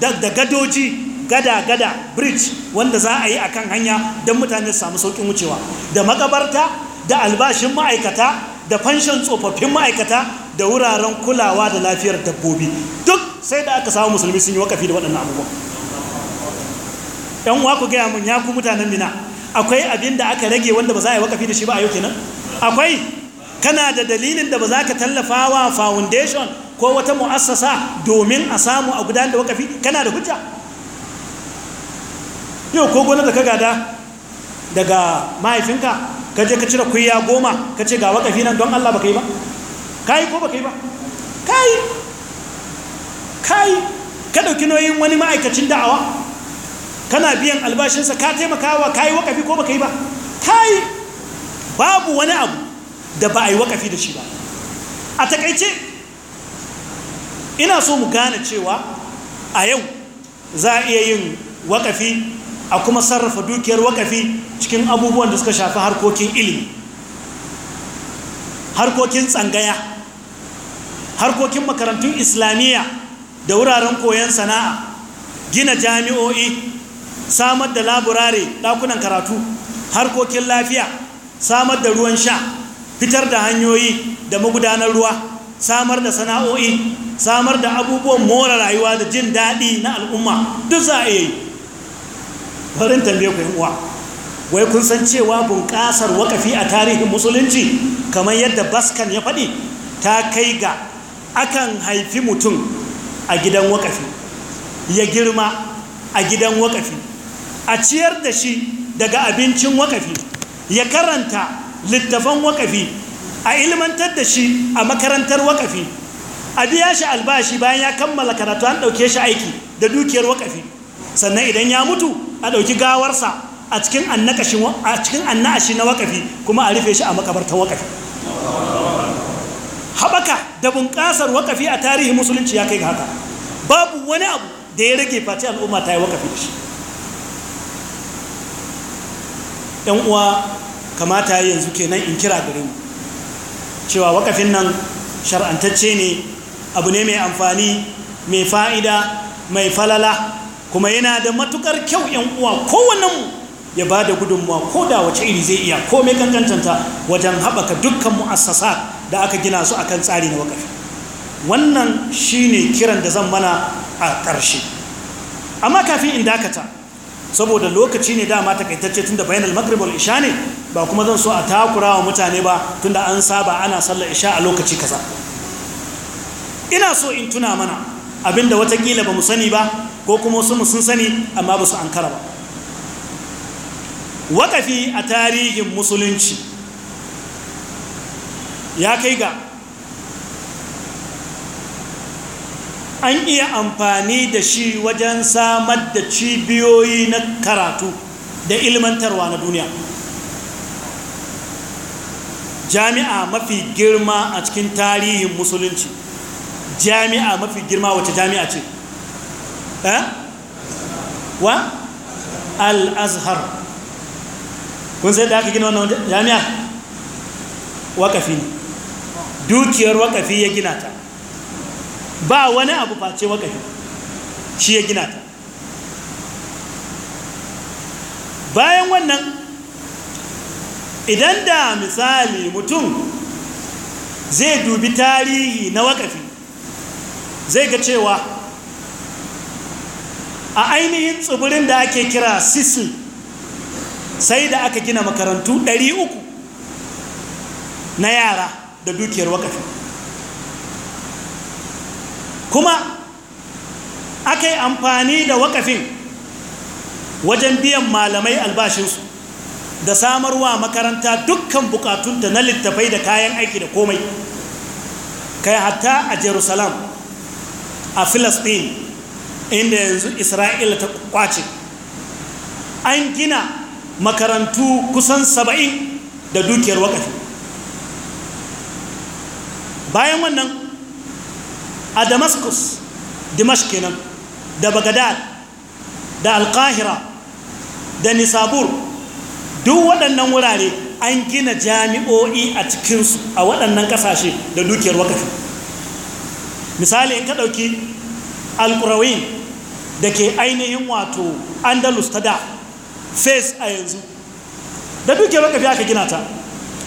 da gadoji gada-gada bridge wanda za a yi a kan hanya don mutane samu sauƙin wucewa da makabarta da albashin ma'aikata da fanshin tsofaffin ma'aikata da wuraren kulawa da lafiyar dabbobi duk sai da aka samu musulmi sun yi wakafi da waɗannan abubuwan yan uwa ku gaya mun ya ku mutanen mina akwai abin da aka rage wanda ba za a yi wakafi da shi ba a yau kenan akwai kana da dalilin da ba za ka tallafa wa foundation ko wata mu'assasa domin a samu a gudanar da wakafi kana da hujja yau ko gona da ka gada daga mahaifinka ka je ka cire kuyya goma ka ce ga wakafi nan don Allah baka yi ba kai ko baka yi ba kai kai ka dauki nauyin wani ma'aikacin da'awa kana biyan albashinsa ka taimakawa ka yi wakafi ko baka yi ba ka yi babu wani abu da ba a yi wakafi da shi ba a takaice ina so mu gane cewa a yau za a iya yin wakafi a kuma sarrafa dukiyar wakafi cikin abubuwan da suka shafi harkokin ilimi harkokin tsangaya harkokin makarantun islamiyya da wuraren koyon sana'a gina jami'o'i samar da laburare ɗakunan karatu harkokin lafiya samar da ruwan sha fitar da hanyoyi da magudanar ruwa samar da sana'o'i samar da abubuwan more rayuwa da jin daɗi na al'umma duk za a yi farin tambaye ku uwa wai kun san cewa bunƙasar wakafi a tarihin musulunci kamar yadda baskan ya faɗi ta kai ga akan haifi mutum a gidan wakafi ya girma a gidan wakafi a ciyar da shi daga abincin wakafi ya karanta littafan wakafi a ilmantar da shi a makarantar wakafi a biya shi albashi bayan ya kammala karatu an ɗauke shi aiki da dukiyar wakafi sannan idan ya mutu a ɗauki gawarsa a cikin annakashi na wakafi kuma a rufe shi a makabartar wakafi haɓaka da bunƙasar wakafi a tarihin musulunci ya kai ga haka babu wani abu da ya rage fati al'umma ta yi wakafi da shi yan uwa kamata yanzu kenan in kira gare mu cewa wakafin nan shar'antacce ne abu ne mai amfani mai fa'ida mai falala kuma yana da matukar kyau yan uwa kowannen mu ya ba da gudunmuwa ko da wace iri zai iya ko mai kankantanta wajen haɓaka dukkan mu'assasa da aka gina su a kan tsari na wakafi wannan shi ne kiran da zan mana a ƙarshe amma kafin in dakata saboda lokaci ne dama takaitacce tunda bayan al-maghrib wal isha ne ba kuma zan so a takura wa mutane ba tunda an saba ana sallar isha a lokaci kaza ina so in tuna mana abinda watakila ba mu sani ba ko kuma wasu mu sun sani amma ba su ankara ba Waƙafi a tarihin musulunci ya kai ga an iya amfani da shi wajen samar da cibiyoyi na karatu da ilmantarwa na duniya jami'a mafi girma a cikin tarihin musulunci jami'a mafi girma wacce jami'a ce eh wa al-azhar kun sai da aka gina wannan jami'a wakafi ne dukiyar wakafi ya gina ta ba wani abu face maka shi ya gina ta bayan wannan idan da misali mutum zai dubi tarihi na wakafi zai ga cewa a ainihin tsibirin da ake kira sisi sai da aka gina makarantu 300 na yara da dukiyar wakafi kuma aka yi amfani da wakafin wajen biyan malamai albashinsu da samarwa makaranta dukkan bukatunta na littafai da kayan aiki da komai kai hatta a jerusalem a filistin inda yanzu isra'ila ta kwace an gina makarantu kusan saba'in da dukiyar wakafi bayan wannan a damascus dimash kenan da bagadad da alkahira da nisabur duk waɗannan wurare an gina jami'o'i a cikinsu a waɗannan ƙasashe da dukiyar wakafi misali in ka ɗauki alkurawin da ke ainihin wato andalus ta da fes a yanzu da dukiyar wakafi aka gina ta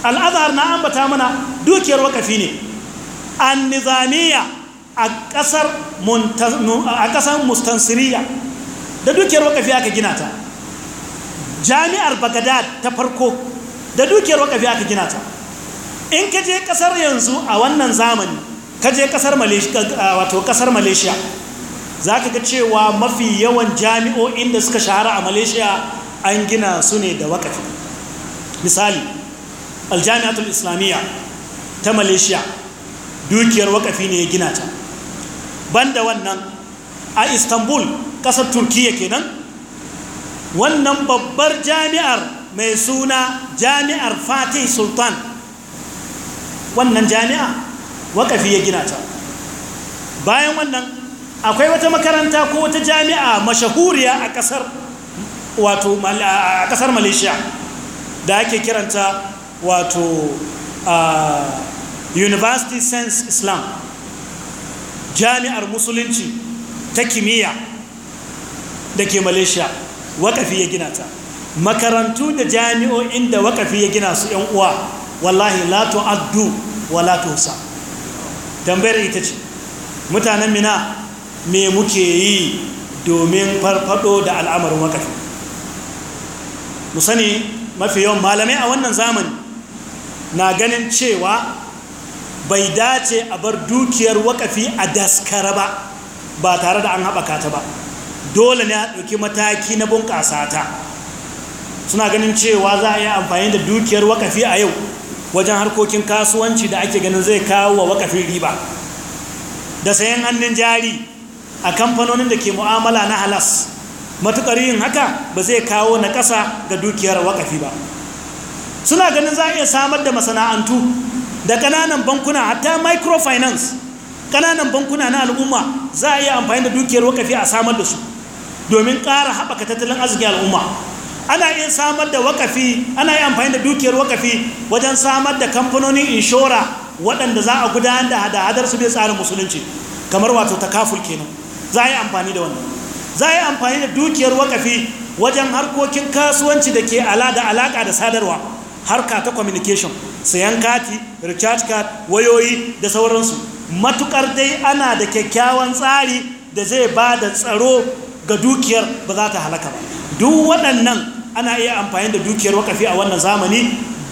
al'azhar na ambata mana dukiyar wakafi ne an nizamiya a ƙasar a ƙasar mustansiriya da dukiyar wakafi aka gina ta jami'ar bagadad ta farko da dukiyar wakafi aka gina ta in ka je ƙasar yanzu a wannan zamani ka je ƙasar malaysia za ka ga cewa mafi yawan jami'o'in da suka shahara a malaysia an gina su ne da wakafi misali aljami'atul islamiyya ta malaysia dukiyar wakafi ne ya gina ta banda wannan a istanbul ƙasar Turkiyya kenan wannan babbar jami'ar mai suna jami'ar fatih sultan wannan jami'a wakafi ya gina ta bayan wannan akwai wata makaranta ko wata jami'a mashahuriya a ƙasar wato a ƙasar malaysia da ake kiranta wato university sense islam jami'ar musulunci ta kimiyya da ke malaysia wakafi ya gina ta makarantu da jami'o'in da wakafi ya gina su yan uwa wallahi lato tu'addu wa la tuhsa tambayar ita ce mutanen mina me muke yi domin farfado da al'amarin wakafi mu sani mafi yawan malamai a wannan zamani na ganin cewa bai dace a bar dukiyar wakafi a daskara ba ba tare da an haɓaka ta ba dole ne a ɗauki mataki na bunƙasa ta suna ganin cewa za a yi amfani da dukiyar wakafi a yau wajen harkokin kasuwanci da ake ganin zai kawo wa wakafin riba da sayan hannun jari a kamfanonin da ke mu'amala na halas matuƙar yin haka ba zai kawo na ƙasa ga dukiyar wakafi ba suna ganin za a iya samar da masana'antu da kananan bankuna hatta microfinance kananan bankuna na al'umma za a iya amfani da dukiyar wakafi a samar da su domin ƙara haɓaka tattalin arzikin al'umma ana iya samar da wakafi ana iya amfani da dukiyar wakafi wajen samar da kamfanonin inshora waɗanda za a gudanar da hada-hadar su bai tsarin musulunci kamar wato ta kafur kenan za a yi amfani da wannan za a yi amfani da dukiyar wakafi wajen harkokin kasuwanci da ke ala da alaƙa da sadarwa harka ta communication sayan kati recharge card wayoyi da sauransu matukar dai ana da kyakkyawan tsari da zai ba da tsaro ga dukiyar ba za ta halaka ba duk waɗannan ana iya amfani da dukiyar wakafi a wannan zamani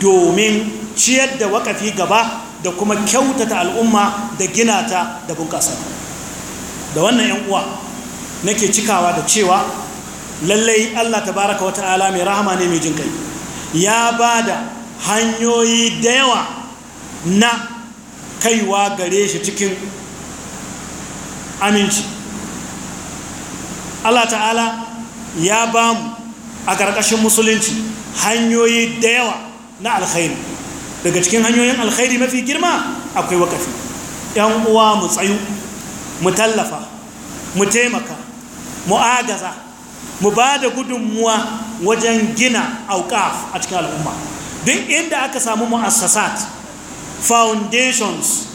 domin ciyar da wakafi gaba da kuma kyautata al'umma da gina ta da bunƙasa da wannan 'yan uwa nake cikawa da cewa lallai allah ta tabaraka wata'ala mai rahama ne mai jin kai ya ba da hanyoyi da yawa na kaiwa gare shi cikin aminci Allah ta'ala ya ba mu a ƙarƙashin musulunci hanyoyi da yawa na alkhairi daga cikin hanyoyin alkhairi mafi girma akwai wakafi ‘yan uwa mu tsayu mu tallafa mu taimaka mu agaza mu ba da gudunmuwa wajen gina auƙaf a cikin al'umma duk inda aka samu mu'assasat foundations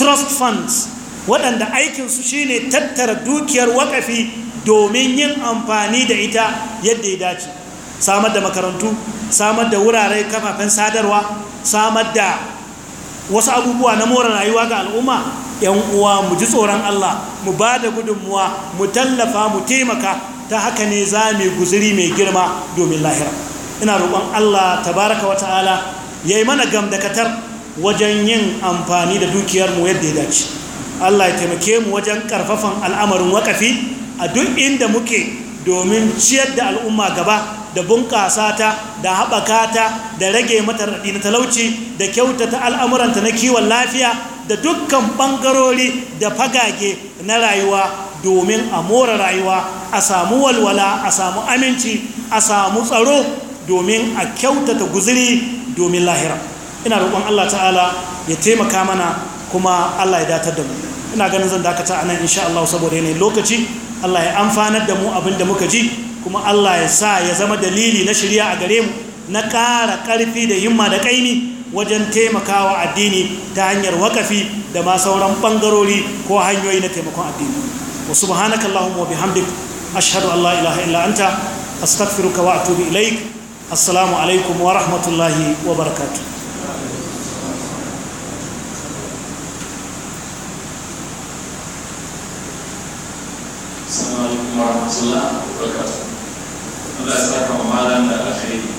trust funds waɗanda aikinsu shine tattara dukiyar wakafi domin yin amfani da ita yadda ya dace samar da makarantu samar da wurare kafafen sadarwa samar da wasu abubuwa na more rayuwa ga al'umma yan uwa mu ji tsoron Allah mu ba da gudunmuwa mu tallafa mu taimaka ta haka ne za mu guzuri mai girma domin lahira ina roƙon Allah tabaraka wa ta'ala yayi mana gamdakatar wajen yin amfani da dukiyarmu yadda ya dace Allah ya taimake mu wajen karfafan al'amarin wakafi a duk inda muke domin ciyar da al'umma gaba da bunƙasa ta da haɓaka ta da rage mata raɗi na talauci da kyautata al'amuranta na kiwon lafiya da dukkan ɓangarori da fagage na rayuwa domin a more rayuwa a samu walwala a samu aminci a samu tsaro domin a kyautata guziri domin lahira ina roƙon Allah ta'ala ya taimaka mana kuma Allah ya datar da mu ina ganin zan dakata a nan insha Allah saboda yanayin lokaci Allah ya amfanar da mu abin da muka ji kuma Allah ya sa ya zama dalili na shirya a gare mu na ƙara ƙarfi da himma da ƙaimi wajen taimakawa addini ta hanyar wakafi da ma sauran ɓangarori ko hanyoyi na taimakon addini wa subhanakallahumma wa bihamdik ashhadu an la ilaha illa anta astaghfiruka wa atubu ilaik السلام عليكم ورحمة الله وبركاته
السلام عليكم ورحمة الله وبركاته الله يسرحكم معنا من الأخير